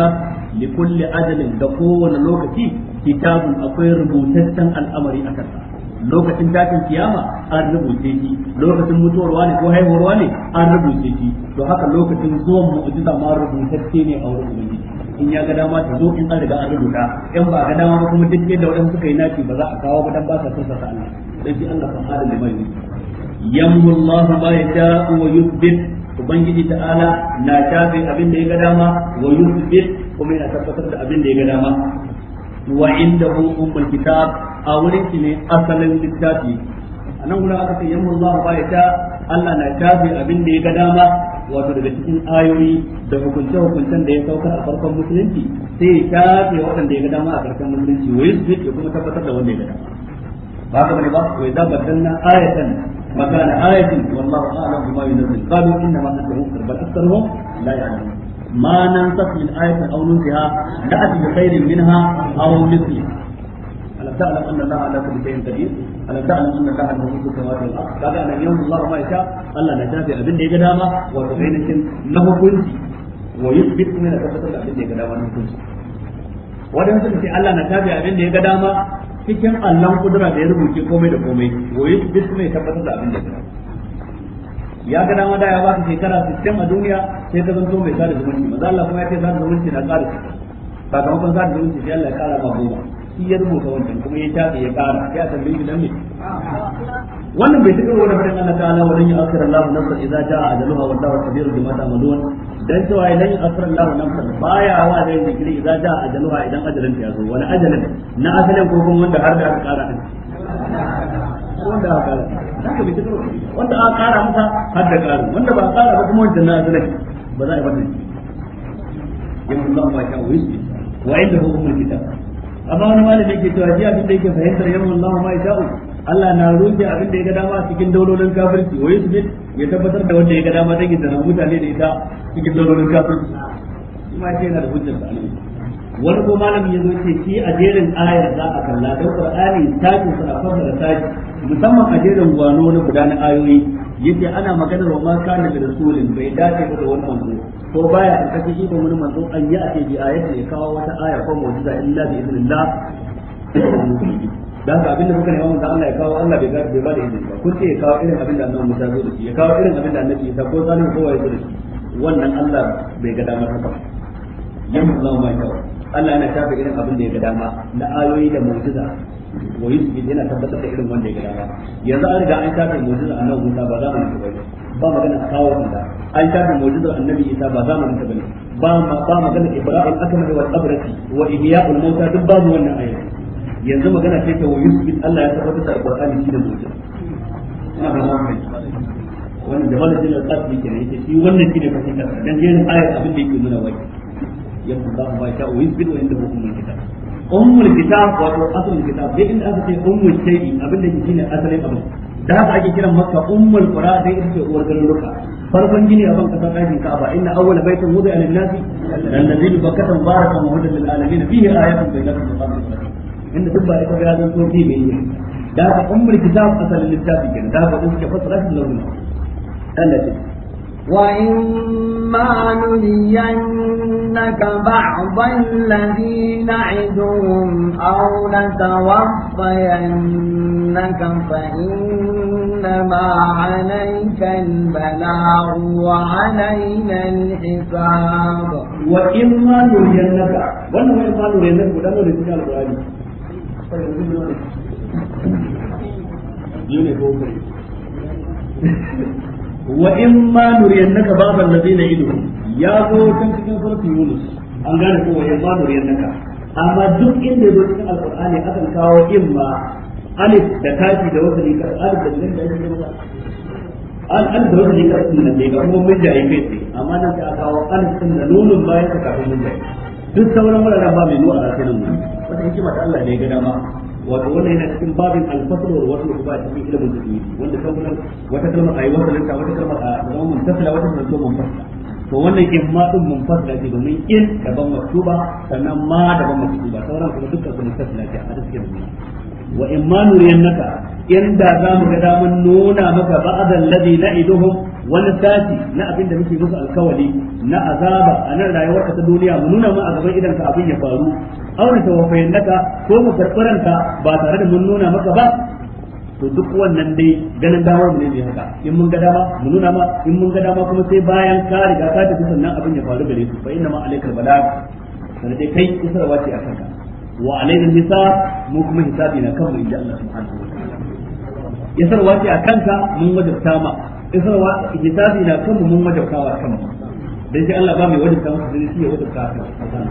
li kulli ajalin da kowane lokaci kitabun akwai rubutaccen al'amari a kansa lokacin tashin kiyama an rubuce shi lokacin mutuwarwa ne ko haihuwarwa ne an rubuce shi to haka lokacin zuwan mu'jiza ma rubutacce ne a wurin ubangiji in ya ga dama ta zo in an riga an rubuta in ba ga dama kuma duk yadda wadan suka yi naci ba za a kawo ba dan ba sa son sa Allah dan shi Allah halin da mai yammu ba ya ta wa yuthbit ubangiji ta'ala na shafe abin da ya ga dama wa yuthbit kuma yana tabbatar da abin da ya ga dama wa indahu ummul kitab a wurin shi ne asalin littafi anan gura aka ce yammu Allah ba ya Allah na shafe abin da ya ga dama wato daga cikin ayoyi da hukunce hukuncen da ya saukar a farkon musulunci sai ya shafe waɗanda ya ga dama a farkon musulunci wai su ya kuma tabbatar da wanda ya ga dama ba ka bane ba ya zaba danna ayatan makana ayatin wallahu a'lam bima yunzil qalu inna ma antum munkar aktharuhum la ya'lamun ma nan min ayatin aw nunsiha da'at bi khairin minha aw mithliha alam ta'lam anna allaha ala kulli shay'in qadir alam ta annabi Allah da yake kuma kaga Allah ma Allah na tafi abin da ya ga dama wa bainakin na hukunci wa yuthbit min al ya ga dama na Allah na tafi abin da ya ga dama cikin Allah kudura da ya rubuce komai da komai wa yuthbit min tabbatar da abin da ya ga dama ya ga dama da ya ba ka shekara 60 a duniya sai ta zanto mai sada zumunci maza Allah kuma ya ce sada zumunci na ƙara sakamakon sada zumunci sai Allah ya ƙara ma goma shi mu rubuta wannan kuma ya tafi ya kara ya san shi dan me wannan bai tuka wani fadin Allah ta'ala wa lan yu'akhir Allah nafsan idza jaa ajaluha wa dawa kabir bima ta'malun dan cewa lan yu'akhir Allah nafsan baya wa da zikiri idza jaa ajaluha idan ajalin ta yazo wani ajalin na asalin ko kuma wanda har da aka kara din wanda aka kara haka bai wanda aka kara masa har da kara wanda ba kara ba kuma wanda na asalin ba za a yi wannan Allah ma wa kitab amma wani malami ke cewa shi abin da yake fahimtar yamma wallahu ma yasha'u Allah na rufe abin da ya ga dama cikin daulolin kafirci su yusbit ya tabbatar da wanda ya ga dama dangin da mutane da ita cikin daulolin kafirci kuma shi yana da hujjar da wani ko malami ya zo ce shi a jerin ayar za a kalla don qur'ani ta ku sa fassara ta musamman a jerin gwano na gudanar ayoyi yace ana maganar wa ma kana da rasulin bai dace da wani manzo ko baya an kace shi da wani manzo an yi ake bi ayat ne kawo wata aya ko mu'jiza illa bi idnillah da abin da muka nema manzo Allah ya kawo Allah bai ga bai ba da izini ba kun ce ya kawo irin abin abinda annabi Musa zo da shi ya kawo irin abin abinda annabi Isa ko sanin ko ya zo da shi wannan Allah bai ga damar haka yamma Allah ma ya Allah yana shafe irin abin da ya ga dama na ayoyi da mu'jiza yana tabbatar da irin wanda ya gada yanzu an riga an shafe mu'jizar annabi Musa ba zamanin ba magana a kawo wanda an shafe annabi Isa ba ba ba magana duk babu yanzu magana ce ta wa yusbit Allah ya tabbatar da shi da ina ba Wani wannan shi ke ne shi wannan fasikar dan jerin ayat abin da yake nuna wai yamma ba ba ta wa wani da hukumar ummul kitab wato asalin kitab dai inda aka ce ummul shay'i abinda ke shine asalin abin da haka ake kiran makka ummul qura dai ita ce uwar garin luka farkon gini a banka san aikin ka'aba inna awwala baitin wudi'a lin nasi allazi bi bakkata mubarakan wa hudan lil alamin fihi ayatun bayyinatun lil qasim inda duk ba ita ga zan so bi ne da haka ummul kitab asalin littafi kenan da haka suke fasara shi launin Allah وإما نرينك بعض الذي نعدهم أو نتوفينك فإنما عليك البلاغ وعلينا الحساب وإما نرينك وأنا وإما نرينك ولا نريد القرآن يوني wa in ma nuriyannaka ba'd allazina idu ya zo kan cikin surfin yunus an gane ko wa in ma nuriyannaka amma duk inda zo cikin alqur'ani akan kawo imma alif da kafi da wasali ka alif da nan da ake an da ka kuma mun amma kawo alif kafin mun sauran wuraren ba hikima Allah ne ga dama wato wannan yana cikin babin al-fasl wal wasl ba cikin ilimin tafsiri wanda kalmar wata kalmar ayi wata ta wata kalmar a zaman muntasila wata kalmar to munfasila to wannan in ma din munfasila ce domin in daban maktuba sannan ma daban maktuba sauran kuma dukkan su muntasila ce a cikin wa in ma nuriyannaka za mu ga daman nuna maka ba'da alladhi na'iduhum wani sati na abin da muke musu alkawali na azaba a nan rayuwar ta duniya mu nuna mu a gaban idan ka abin ya faru aure ta wafayin naka ko mu karɓaranta ba tare da mun nuna maka ba to duk wannan dai ganin dama mu ne mai haka in mun ga dama mu nuna ma in mun ga dama kuma sai bayan ka riga ka tafi sannan abin ya faru gare su fa inna ma alaikal balag sai dai kai isarwa ce a kanka wa alaikal nisa mu kuma hisabi na kanmu inda Allah subhanahu wa ta'ala isarwa ce a kanka mun wajabta ma isarwa hisabi na kan mun wajabtawa kan dan shi Allah ba mai wajabta masa sai shi ya wajabta kan sai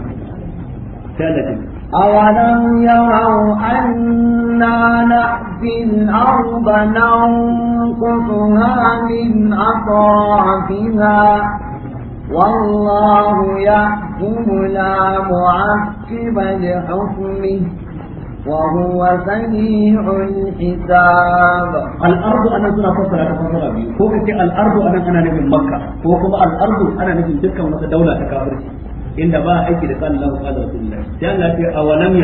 Allah أولم يروا أنا نأتي الأرض ننقصها من أطرافها والله يحكم لا معقب لحكمه وهو سميع الحساب الارض انا سنا فسرها تفسرها بي ko kace al-ardu anan ana nufin makka ko kuma al ana nufin dukkan wata daula ta kafirci inda ba aiki da kan Allah qala rasulullah dan Allah ce awalam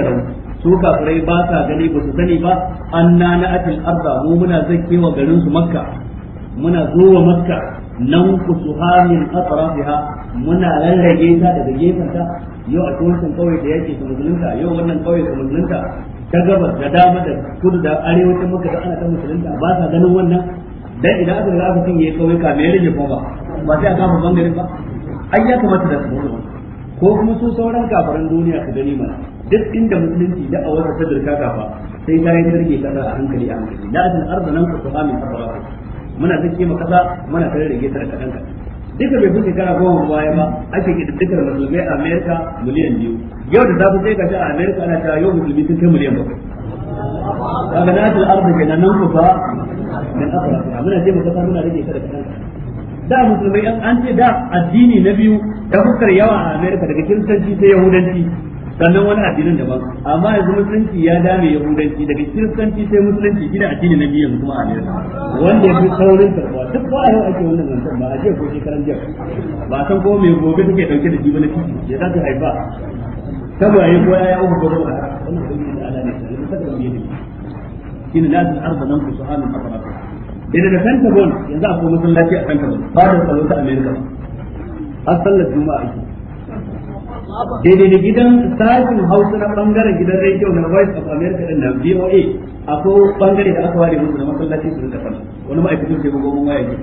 su kafirai ba sa gani ba su sani ba anna na'atil arda mu muna zakkewa garin su makka muna zuwa makka nan kusuha min muna rarrage ta daga gefen ta yau a wancan kauye da yake ta musulunta yau wannan kauye ta musulunta ta gabas da dama da kudu da arewacin muka da ana ta musulunta ba sa ganin wannan dan idan aka riga aka cinye ka mai rage kuma ba ba sai a kama bangaren ba ai ya kamata da su ko kuma su sauran kafaran duniya su gani mana duk inda musulunci da a wata sadar kaka ba sai ta yi targe ta a hankali a hankali ajin arzanan ku su amin ta muna zake ma kasa muna tare da getar kaɗan kaɗan duka bai fi shekara goma baya ba ake kididdikar musulmai a amerika miliyan biyu yau da zafi sai gashi a amerika ana ta yau musulmi sun kai miliyan bakwai kaga na ta arzu ke nan ku fa min afirka muna ce mutaka muna rage ta da kasan da musulmai an ce da addini na biyu ta fuskar yawa a amerika daga kiristanci sai yahudanci sannan wani addinin daban amma yanzu musulunci ya dame yahudanci daga kiristanci sai musulunci gida addini na biyu kuma a biyar. wanda ya fi saurin karbuwa duk ba a yau ake wannan zancen ba a jiya ko shekaran jiya ba san ko mai gobe take dauke da jibi na ciki ya za ta haifa tagwaye ko ya uku ko ba wannan ubangiji da ala ne sai ta ga biyu shine lazil arba nan ku suhanin afarata idan da pentagon yanzu a akwai masallaci a pentagon ba da tsaro ta amerika har sallar juma'a daidai da gidan sashen hausa na bangaren gidan radio na voice of america din na voa a akwai bangare da aka ware musu na masallaci su da fana wani ma'aikacin sai gogon waya ke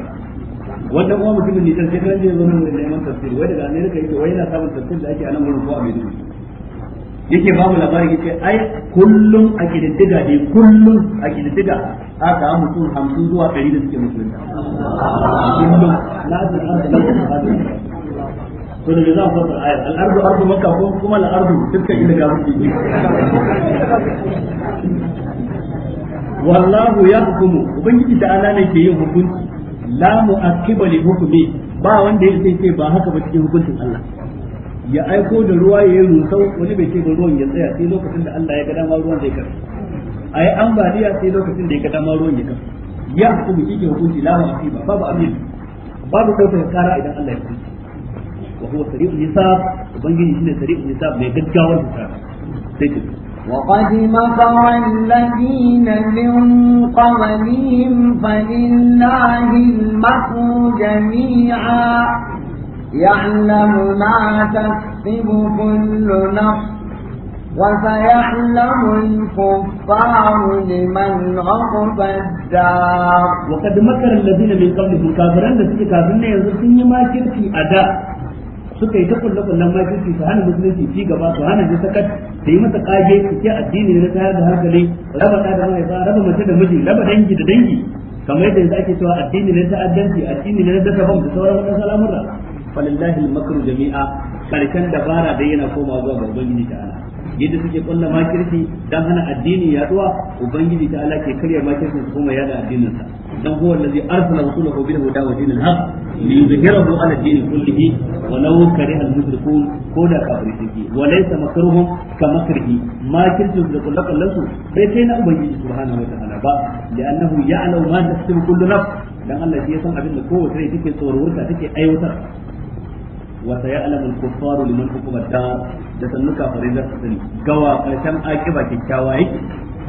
wannan kuma mutumin nisan sai kan je zo nan wurin neman tafsiri wai daga america yake wai yana samun tafsir da ake a nan wurin ko a maiduguri yake ba mu labarin yake ai kullum a kididdiga ne kullum a kididdiga ka samu mutum hamsin zuwa ɗari da suke musulunta kullum na azurfa da lafiya to da za a fasar ayar al'ardu ardu maka ko kuma al' al'ardu dukkan inda ga muke yi wallahu yahkumu ubangiji da ala ne ke yin hukunci la mu'aqqiba li hukmi ba wanda yake ce ba haka ba cikin hukuncin Allah ya aiko da ruwa ya yi rusau wani bai ce ba ruwan ya tsaya sai lokacin da Allah ya ga dama ruwan zai kasu a yi ambaliya sai lokacin da ya ga dama ruwan ya kasu ya hukumu shi ke hukunci la mu'aqqiba babu amin babu ɗaukar kara idan Allah ya hukunci wa huwa sari'ul hisab ubangiji shine sari'ul hisab mai gaggawar hisab sai ce وقد مكر الذين من قبلهم فلله المكر جميعا يعلم ما تكسب كل نفس وسيعلم الكفار لمن غضب الدار وقد مكر الذين من قبلهم كافرين da suke kafin ne yanzu sun yi makirci a da suka yi ta kullakullan makirci su hana musulunci ci gaba su hana ji sakat da yi masa kage su ke addini na tayar da hankali raba ta da mahaifa raba mace da miji raba dangi da dangi kamar yadda yanzu ake cewa addini na ta'addanci addini na dasa bam da sauran wadansu al'amurra falillahi makaru jami'a karshen dabara da yana komawa zuwa ga ubangiji ta'ala yadda suke kulla makirci dan hana addini yaduwa ubangiji ta Allah ke karya makirci su kuma yada addinin sa dan huwa allazi arsala rasulahu bil huda wa dinil haq li yuzhirahu ala din kullihi wa law kariha al mushrikun ko da kafirai suke wa laysa makruhum ka makrihi makirci da kulla kullan su sai sai na ubangiji subhanahu wa ta'ala ba annahu ya'lamu ma taktubu kullu nafs dan Allah shi ya abin da kowace rai take tsorowar take aiwatar wa sayalamu al-kuffaru liman hukuma dar da sannu kafirai za su sani gawa karshen akiba kyakkyawa yake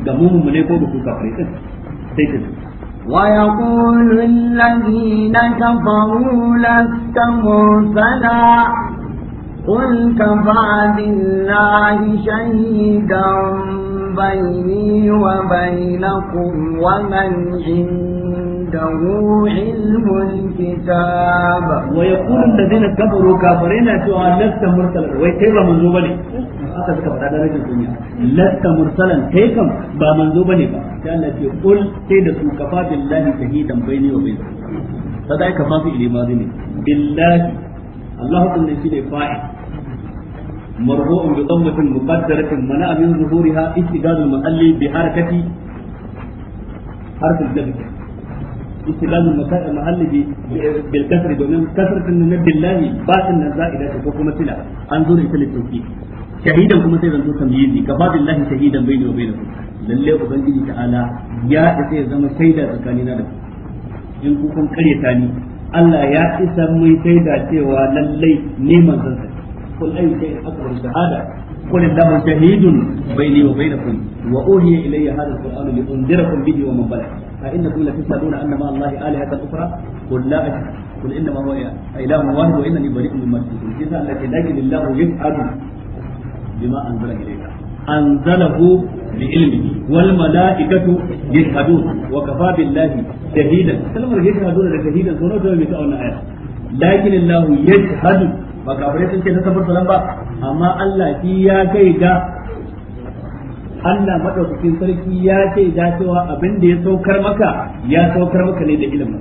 ga mu ne ko da ku din sai ka ويقول الذين كفروا لست مرسلا قل كفى بالله شهيدا بيني وبينكم ومن عندي عنده الكتاب ويقول الذين كفروا كافرين سوى لست مرسلا ويتيبا منذوبا لي haka suka faɗa da rashin kunya lasta mursalan kai kam ba manzo bane ba sai Allah ce kul sai da su kafa billahi shahidan baini wa bainakum sadai kafa su ilima ne billahi Allahu kullu shi ne fa'il مرفوع بضمة مقدرة منع من ظهورها استداد المصلي بحركة حرف الجبل istilamu masail mahallibi bil kasr domin kasratin na billahi batin nan za'ida ko kuma sila an zo da ita litauki shahidan kuma sai zanto tamyizi ka ba billahi shahidan baini wa bainakum lalle ubangiji ta'ala ya isa ya zama shaida tsakanina da ku in ku kun karyata ni Allah ya isa mai shaida cewa lalle ne manzon sa kul ayu shay'in akbar shahada قل الله شهيد بيني وبينكم وأوحي إلي هذا القرآن لأنذركم wa ومن بلغ أئنكم لتشهدون أن مع الله آلهة أخرى قل لا أشهد قل إنما هو إله واحد وإنني بريء مما تشركون إذا لكن الله يفعل بما أنزل إليك أنزله بعلمه والملائكة يشهدون وكفى بالله شهيدا كلمة يشهدون شهيدا سنة جميع تأونا آية لكن الله يشهد ba kafirai sun ce na sabar salam ba amma Allah shi ya kai ga Allah madaukakin sarki ya ce da cewa abin da ya saukar maka ya saukar maka ne da ilimin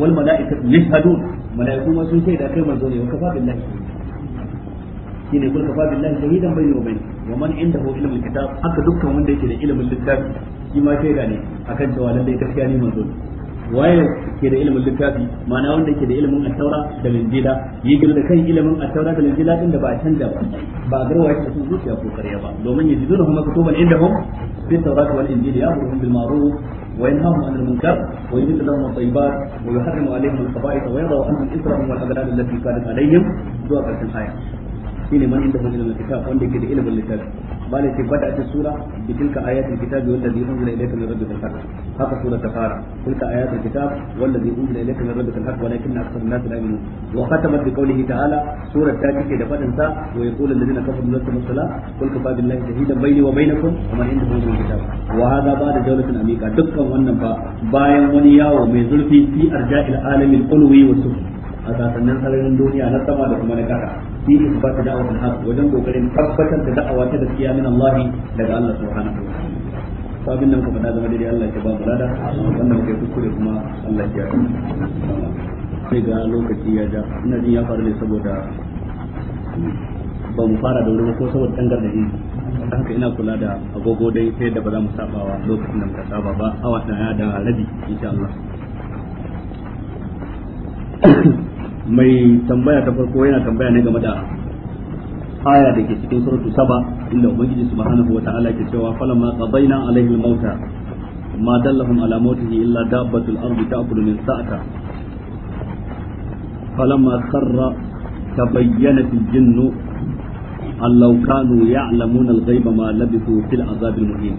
wal mala'ikatu yashhadun mala'iku ma sun shaida kai manzo ne wa kafa billahi shine kul kafa billahi shahidan bayni wa bayni wa man indahu ilmul kitab haka dukkan wanda yake da ilimin littafi shi ma shaida ne akan cewa lalle gaskiya ne manzo ne waye ke da ilimin littafi ma'ana wanda ke da ilimin attaura da linjila yi gina da kan ilimin attaura da linjila din da ba a canja ba ba a garwa shi sun zuciya ko karya ba domin ya jiduna huma kutuban indahum bi tawrat wal injili ya'muruhum bil ma'ruf wa yanhahum 'anil munkar wa yuzillu lahum at-tayyibat wa yuharrimu 'alayhim al-khaba'ith wa yadh'u 'anhum israhum wal aghlal allati kanat 'alayhim zuwa karshen aya shine man inda hulil kitab wanda yake da ilimin littafi bala ce bada ta sura bi tilka ayatul kitabi wallazi unzila ilayka min rabbikal haqq haka sura ta fara tilka ayatul kitab wallazi unzila ilayka min rabbikal haqq walakinna aktharun nas la yu'minun wa khatamat bi qawlihi ta'ala sura ta kike da fadin sa wa yaqulu alladhina kafaru la tusalla qul kafa billahi shahidan bayni wa bainakum wa man inda hulil kitab wa hadha ba'da dawlatin amika dukkan wannan ba bayan wani yawo mai zurfi fi arja'il alamin qulwi wa sufli a sasannin sararin duniya na sama da kuma na kasa fi isbat da'wat wajen kokarin tabbatar da da'awa ta gaskiya min Allah daga Allah subhanahu wa ta'ala ko abin da muka faɗa zama Allah ya ba wanda muke kuma Allah ya yi sai ga lokaci ya ja ina jin ya faru ne saboda fara da ko saboda dangar da haka ina kula da agogo dai sai da bazamu sabawa lokacin ba awa daya da rabi insha Allah mai tambaya ta farko yana tambaya ne game da aya da ke cikin suratu saba inda ubangiji subhanahu wa ta'ala ke cewa ma qadayna alaihi al-mauta ma dallahum ala mautihi illa dabbatul ardi ta'kulu min sa'ata falamma kharra tabayyanat al-jinnu allau kanu ya'lamuna al-ghaiba ma labithu fil azabil muhin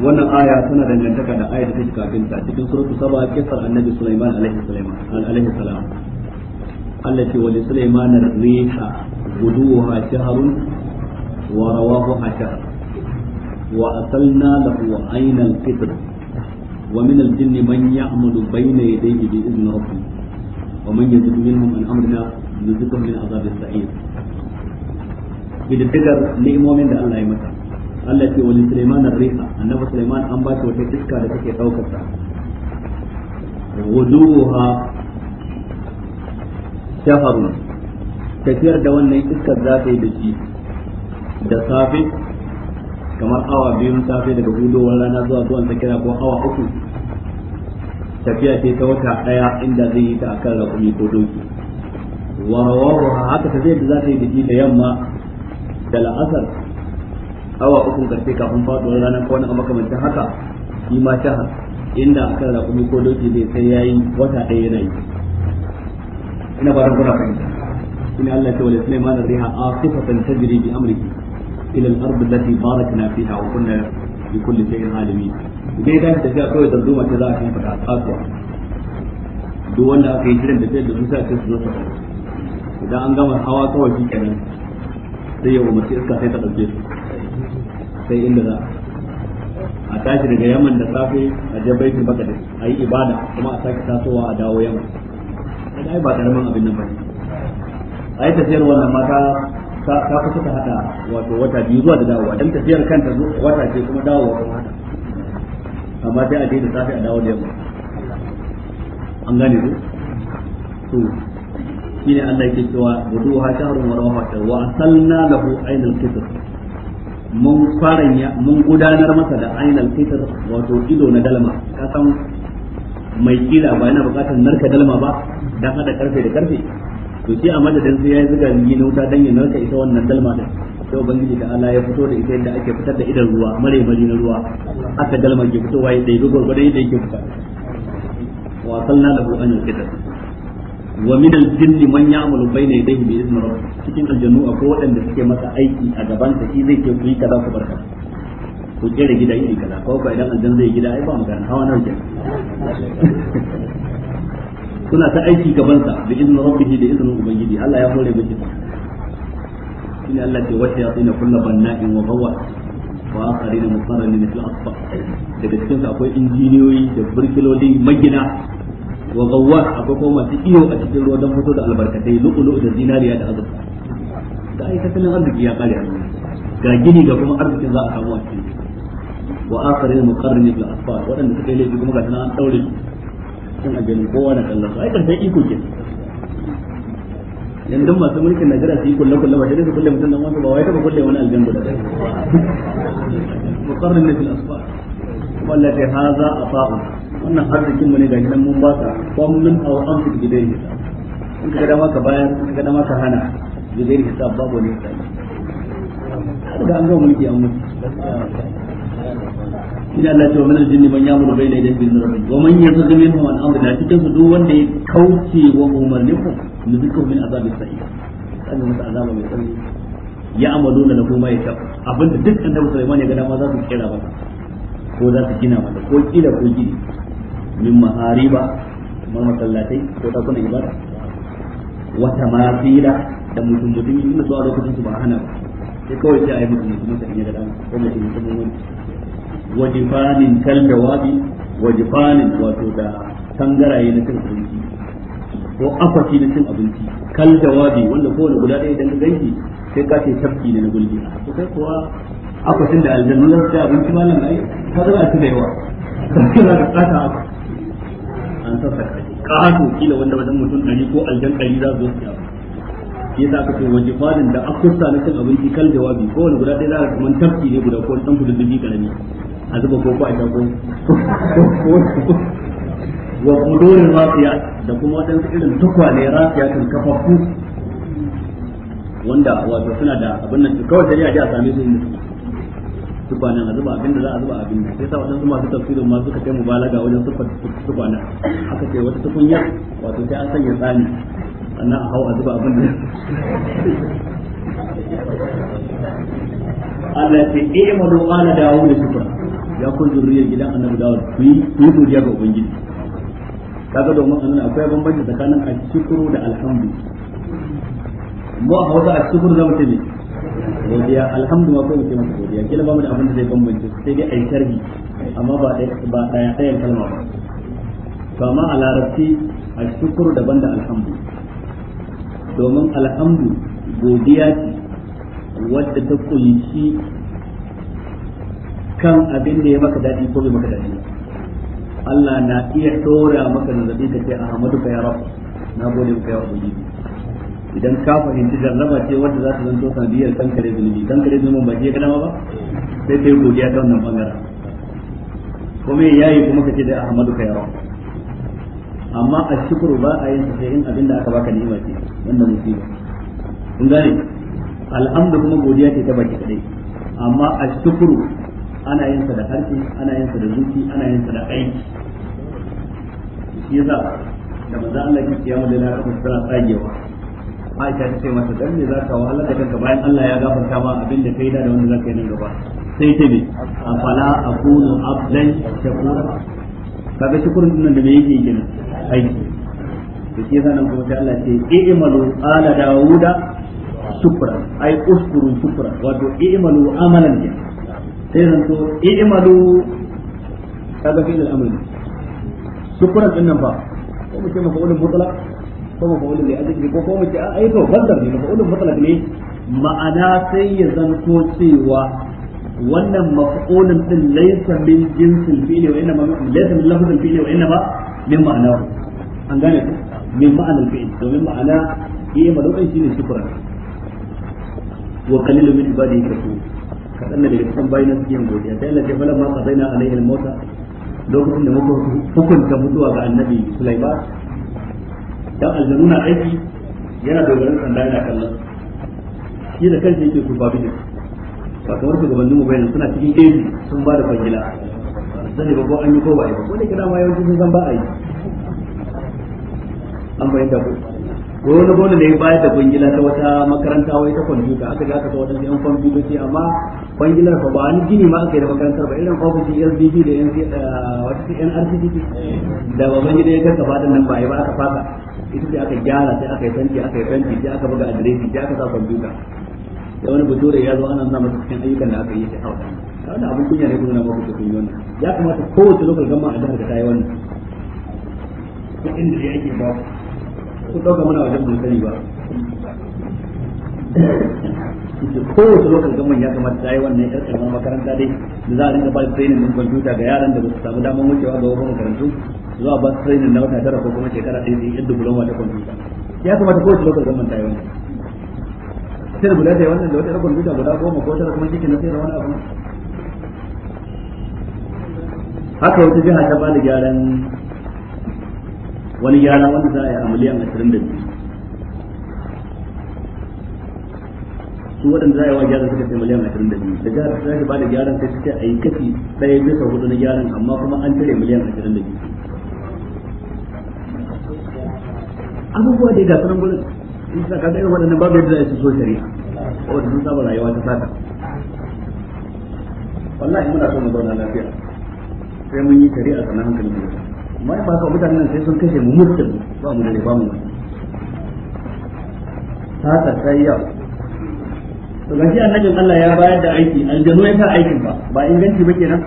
wannan aya tana dangantaka da aya da take kafin ta cikin suratul saba kisar annabi sulaiman alaihi sulaiman alaihi salam Allah ce wa sulaiman ar-riha guduha shahrun wa rawahu wa asalna lahu wa min al-jinni man ya'malu bayna yadayhi bi idni rabbih wa man yazid minhum an amrina min ni'imomin da Allah ya mata Allah ce wani Sulaiman ar-riha annabi Sulaiman an ba shi wata iska da take daukar ta wuduha shahrun tafiyar da wannan iskar za ta yi da shi da safe kamar awa biyun safe daga hudowar rana zuwa zuwan tsakira ko awa uku tafiya ce ta wata daya inda zai yi ta akan rakumi ko doki wa rawahu haka tafiyar da za ta yi da shi da yamma da la'asar awa ukun karfe kafin faduwar rana ko wani makamancin haka shi ma shahar inda aka akan raƙumi ko doki zai sai yayi wata ɗaya yana yi ina ba ran kuna fahimta ina Allah ta wala Sulaiman riha asifatan tajri bi amrihi ila al-ard allati barakna fiha wa kunna bi kulli shay'in alimin idan da tafiya kawai da zuma ta za a kafa kasuwa duk wanda aka yi jiran da sai da musa ta zo idan an gama hawa kawai shi kenan sai ya umarci iska sai ta ɗauke su sai inda za a tashi daga yaman da safe a je baitul maqdis a yi ibada kuma a sake tasowa a dawo yaman sai ai ba karaman abin nan ba a yi tafiyar wannan mata ta kusa ta hada wato wata biyu zuwa da dawowa dan tafiyar kanta wata ce kuma dawowa kuma hada amma sai a je da safe a dawo da yamma an gane ku to shine Allah yake cewa wudu ha shahrun wa rawha wa asalna lahu ainul kitab mun faranya mun gudanar masa da ainihin fitar wato ido na dalma ka san mai kila ba yana bukatar narka dalma ba dan hada karfe da karfe to sai a madadin sai yayi zuga yi na wuta dan ya narka ita wannan dalma din sai ubangiji da Allah ya fito da ita yadda ake fitar da idan ruwa mare mari na ruwa aka dalma ke fitowa ya dai gurgurdan yadda yake fita wa sallallahu alaihi wa sallam wa min al-jinn man ya'malu bayna yadayhi bi izni rabbih cikin aljannu akwai waɗanda suke masa aiki a gaban sa shi zai ce ku yi kaza ku barka ku jere gida iri kaza ko ko idan aljanna zai gida ai ba magana hawa nan ke suna ta aiki gaban sa bi izni rabbih da iznin ubangiji Allah ya hore miki shine Allah ce wata ya tsina kullu banna'in wa gawwa wa akharin musarrin min al-asfa daga cikin akwai injiniyoyi da burkiloli magina wa gawwa akwai kuma masu iyo a cikin ruwa don fito da albarkatai lu'ulu da zinariya da azurfa da ai tattalin arziki ya kare ga gini ga kuma arzikin za a samu a cikin wa akharin muqarrin bil asfar wadanda suka yi laifi kuma ga tana an daure cikin aljanna kowa na kallon su ai kan sai iko ke yanzu masu mulkin Najeriya su yi kulle kulle ba sai su kulle mutum nan wanda ba wai taba kulle wani aljanna da muqarrin bil asfar wallahi hadha afaqa wannan arzikin mu ne ga gidan mun baka famin an amsik gidan ne in ka dama maka bayan in ka dama maka hana gidan ne sa babu ne sai da an ga mulki an mutu ina Allah ce wa min aljinni man da bayna yadayhi bil rabb wa man yazghi minhum an amrina cikin su duk wanda ya kauce wa umarnin ku nuzukum min azabi sa'i kana masa azaba mai tsanani ya amalo na lahu ma yasha abinda duk annabi Sulaiman ya ga ma za su kira masa ko za su gina masa ko kila ko gini min mahariba kamar masallatai ko dakunan ibada wata mafila da mutum mutum yin da zuwa lokacin su ba hana ba sai kawai sai a yi mutum mutum sa in da dama ko mutum mutum wani wajifanin kal jawabi wajifanin wato da tangaraye na cin abinci ko akwati na cin abinci kal jawabi wanda kowane guda ɗaya idan ka sai ka tafki ne na gulbi to kai kuwa da aljannu za su abinci malam ai ka zama su da yawa [laughs] za ka bukata an sassa kashi kato kila wanda wajen mutum ɗari ko aljan ɗari za su siya shi yasa aka ce waje fadin da akusta na cin abinci kal jawabi ko wani guda ɗaya za ka kaman tafki ne guda ko ɗan fudu dubi karami a zuba ko ko a ko wa kudurin rafiya da kuma waɗansu irin tukwane rafiya kan kafafu wanda wato suna da abin nan kawai sai a ji a same su mutum tukwanen a zuba abinda za a zuba abinda sai sa waɗansu masu tafsirin ma suka kai mubalaga wajen siffar tukwanen aka ce wata tukunya wato sai an sanya tsani sannan a hau a zuba abin da Allah ce eh malu ala dawo da shukra ya kun zuriyar gidan annabi dawo ku yi ku godiya ga ubangiji kaga domin annabi akwai bambanci tsakanin ashkuru da alhamdu mu a hausa ashkuru zamu ce ne godiya alhamdulillah ko mutum masa godiya kila ba mu da abin da zai bambance sai dai ayi sharhi amma ba ba daya ɗayan kalma ba to amma a larabci a shukuru daban da alhamdu domin alhamdu godiya ce wadda ta kunshi kan abin da ya maka daɗi ko bai maka daɗi Allah na iya dora maka nazari ka ce Ahmadu ka ya rabu na gode maka ya ubangiji idan ka fahimci jarraba ce wanda za ta zanto sanadiyar kankare zunubi kankare zunubin ba ke kadama ba sai yi godiya ta wannan bangaren kuma ya yi kuma kace da Ahmadu ka yawa amma a shukuru ba a yin sai in abin da aka baka ni'ima ce wanda mu ba kun gane alhamdu kuma godiya ce ta baki kadai amma a shukuru ana yin sa da harshe ana yin sa da zuci ana yin sa da aiki shi yasa da manzo Allah ya kiyama da na kafa tsara tsagewa Aisha ta ce mata dan me zaka wahala da kanka bayan Allah ya gafarta ma abin da kai da wanda zaka yi nan gaba sai ta ne afala akunu abdan shakura kaga shukurin din da me yake gina aiki to ke sanan kuma sai Allah ce i'malu ala dauda shukra ai uskuru shukra wato i'malu amalan ne sai zan to i'malu kaga fi'il al-amr shukran din nan ba ko muke maka wani mutlaq ko mafa'ulun ne aziki ko ko mace ai eh, to bandar ne mafa'ulun ne ma'ana sai ya zanto cewa wannan mafa'ulun din laysa min jinsil fi'li wa inma laysa min fi'li wa min ma'ana an gane ku min domin ma'ana yi eh, shine shukran wa qalilun min kadan ne daga cikin bayanan su yin godiya sai Allah ya ma qadaina alaihi al-mauta lokacin da muka hukunta mutuwa ga annabi Sulaiman dan aljanu na aiki yana dogaran sanda yana kallon shi da kansa yake su babu ba kamar su gabanin mu bayan suna cikin daji sun ba da fangila zan ba ko an ko ba yi ba ko ne kana ma yawanci sun san ba a yi an bayan da ko ko wani gona ne bayar da kwangila ta wata makaranta wai ta kwamfuta aka ga aka ta wata yan ce amma kwangila fa ba ni gini ma aka yi da makarantar ba irin ofishin LBB da yan eh, wata yan RCDP da yi gida ya kasa ba nan ba yi ba aka fasa ita ce aka gyara sai aka yi tanti aka yi tanti sai aka buga adireshi sai aka sa kwamfuta da wani bature ya zo ana zama cikin ayyukan da aka yi sai da wani abin kunya ne kuma na mafi cikin kunya wannan ya kamata kowace lokal gama a jihar da ta yi wannan ko inda ya ba ko ɗauka mana wajen mun sani ba kowace lokacin gaman ya kamata ta yi wannan ya karamar makaranta dai da za a dinga ba training din kwamfuta ga yaran da ba su samu damar wucewa ga wasu makarantu zuwa ba su training na wata tara ko kuma shekara ɗaya da yin diploma ta kwamfuta ya kamata kowace lokacin manta yawan sai da guda da wannan da wata yar kwamfuta guda goma ko tara kuma shi na sai da wani abu haka wata jiha ta bada gyaran wani gyara wanda za a yi a miliyan ashirin da biyu su waɗanda za a yi wa gyaran suka ce miliyan ashirin da biyu da jihar ta ba da gyaran sai suke a yi kafi ɗaya bisa hudu na gyaran amma kuma an cire miliyan ashirin da biyu abubuwa da ga sunan gudun in suna ga irin waɗannan babu yadda zai so shari'a wanda sun saba rayuwa ta sata wallahi muna so mu zauna lafiya sai mun yi shari'a sanan hankali mu amma ba ka mutanen nan sai sun kashe mu mutum ba mu da ba mu ta yi yau to gashi annabin Allah ya bayar da aiki aljanu ya sa aikin ba ba inganci ba kenan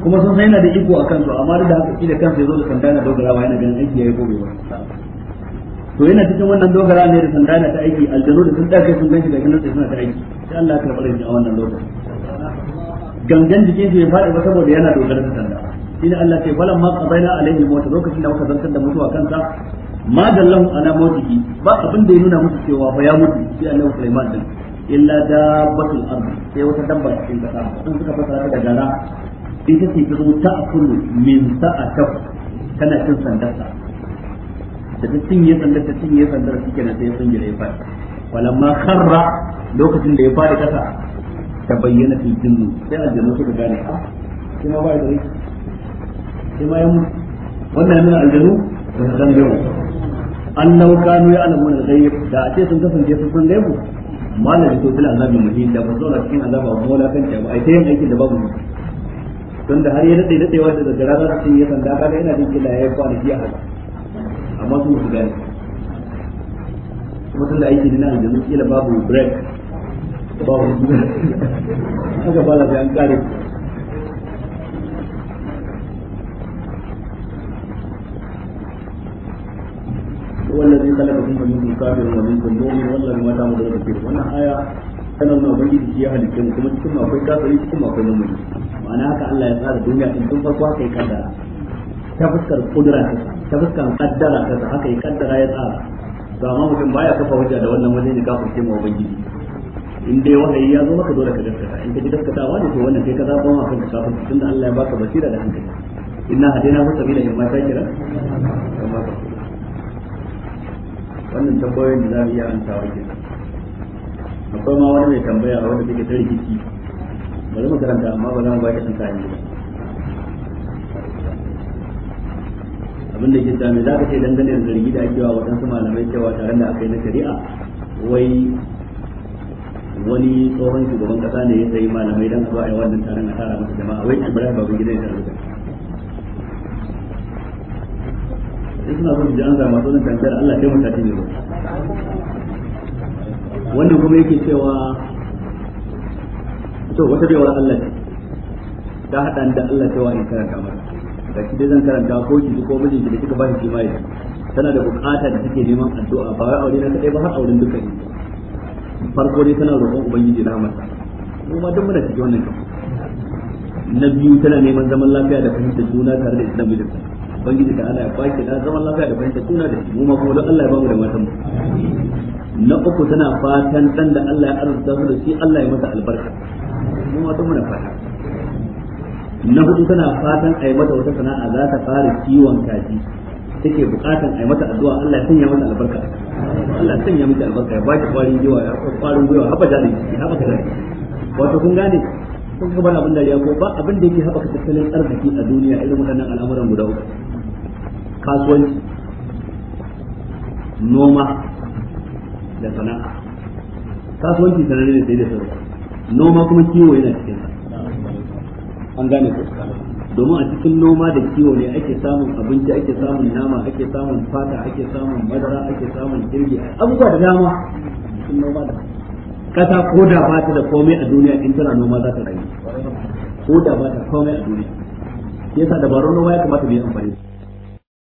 kuma sun sai na da iko a kansu amma da haka kila kansa ya zo da sanda na dogara ba yana ganin aiki ya yi gobe ba to yana cikin wannan dogara ne da sanda na ta aiki aljanu da sun dace sun ganshi da ganin suna ta aiki sai Allah ya karɓa shi a wannan lokaci gangan jikin shi ya faɗi ba saboda yana dogara da sanda shine Allah ce falan ma qabaina alaihi mawt lokacin da muka zartar da mutuwa kansa ma dallahu ana mawtihi ba abin da ya nuna musu cewa ba ya mutu sai Allah Sulaiman din illa dabbatul ard sai wata dabba cikin kasa sun suka fasara daga da gara ita ce ta zo ta akulu min sa'atahu kana cin sandarsa da ta cinye sandar ta cinye sandar suke na sai sun ya fadi falamma kharra lokacin da ya fadi kasa ta bayyana fil jinnu sai aljanna suka gane a ah, kuma ba da rai sai ma mutu wannan nan aljanu ba su san gaibu annahu kanu ya'lamuna al-ghaib da a ce sun kasance sun san gaibu malam to bil azabi muhin da ba zauna cikin azaba ba mola kan ba ai yin aikin da babu da har ya daɗe daɗewa da daga ranar sun yi sanda kaga ina jin kila yi kwanaki a haka amma su musu gane kuma tun da aiki ne na aljanu kila babu break babu haka ba za an kare والذي خلقكم فمنكم كافر ومنكم مؤمن والذي ما تعملون كثير وانا آية tana nuna ubangiji ya halitta mu kuma cikin akwai kafiri cikin akwai ma'ana haka Allah ya tsara duniya tun farko haka ya kaddara ta fuskar kudura ta ta fuskan kaddara kaza haka ya kaddara ya tsara to amma mutum baya kafa hujja da wannan wajen ne kafin ce ma ubangiji in dai wahayi ya zo maka dole ka gaskata in ka ji ta ne to wannan kai ka zaɓa ma kanka kafin tunda Allah ya baka basira da hankali inna hadaina hu sabila yamma ta kira wannan tambayoyin da za mu iya antawa kenan akwai ma wani mai tambaya a wanda take ta rikici bari mu karanta amma ba za mu ba ki tsanta ne ba abin da ke sami za ka ce dangane da zargi da ake wa waɗansu malamai cewa tare da aka yi na shari'a wai wani tsohon shugaban kasa ne ya sayi malamai don zuwa a yi wannan taron a tara masa jama'a wai bari babu gidan ya taru da in suna son ji an zama sunan tafiyar allah sai mu tafi ne ba wannan kuma yake cewa to wata baiwar allah ta haɗa da allah cewa in karanta mata da shi zan karanta ko ki ko mijin ki da kika bashi kima yi tana da bukata da take neman addu'a ba wai aure na kadai ba har auren ne farko dai tana roƙon ubangiji na mata kuma duk muna cikin wannan na biyu tana neman zaman lafiya da fahimtar juna tare da islam da ubangiji da Allah ya baki da zaman lafiya da fahimtar juna da mu ma kuma don Allah ya bamu da matan mu na uku tana fatan dan da Allah ya arzuta su da shi Allah ya masa albarka mu ma duk muna fata na hudu tana fatan a yi mata wata sana'a za ta fara kiwon kaji take bukatan a yi mata addu'a Allah ya sanya mata albarka Allah ya sanya mata albarka ya baki kwarin gwiwa ya kwarin gwiwa haba da ne haba da ne wato kun gane kun ga abin da ya ko ba abin da yake haba tattalin arziki a duniya irin waɗannan al'amuran guda uku kasuwanci noma da sana'a kasuwanci sananne ne sai da sauransu noma kuma kiwo yana cikin sa an gane ko domin a cikin noma da kiwo ne ake samun abinci ake samun nama ake samun fata ake samun madara ake samun jirgi abubuwa da dama cikin noma da kasa ko da ba ta da komai a duniya in tana noma za ta rayu ko da ba ta komai a duniya yasa dabarun noma ya kamata mu yi amfani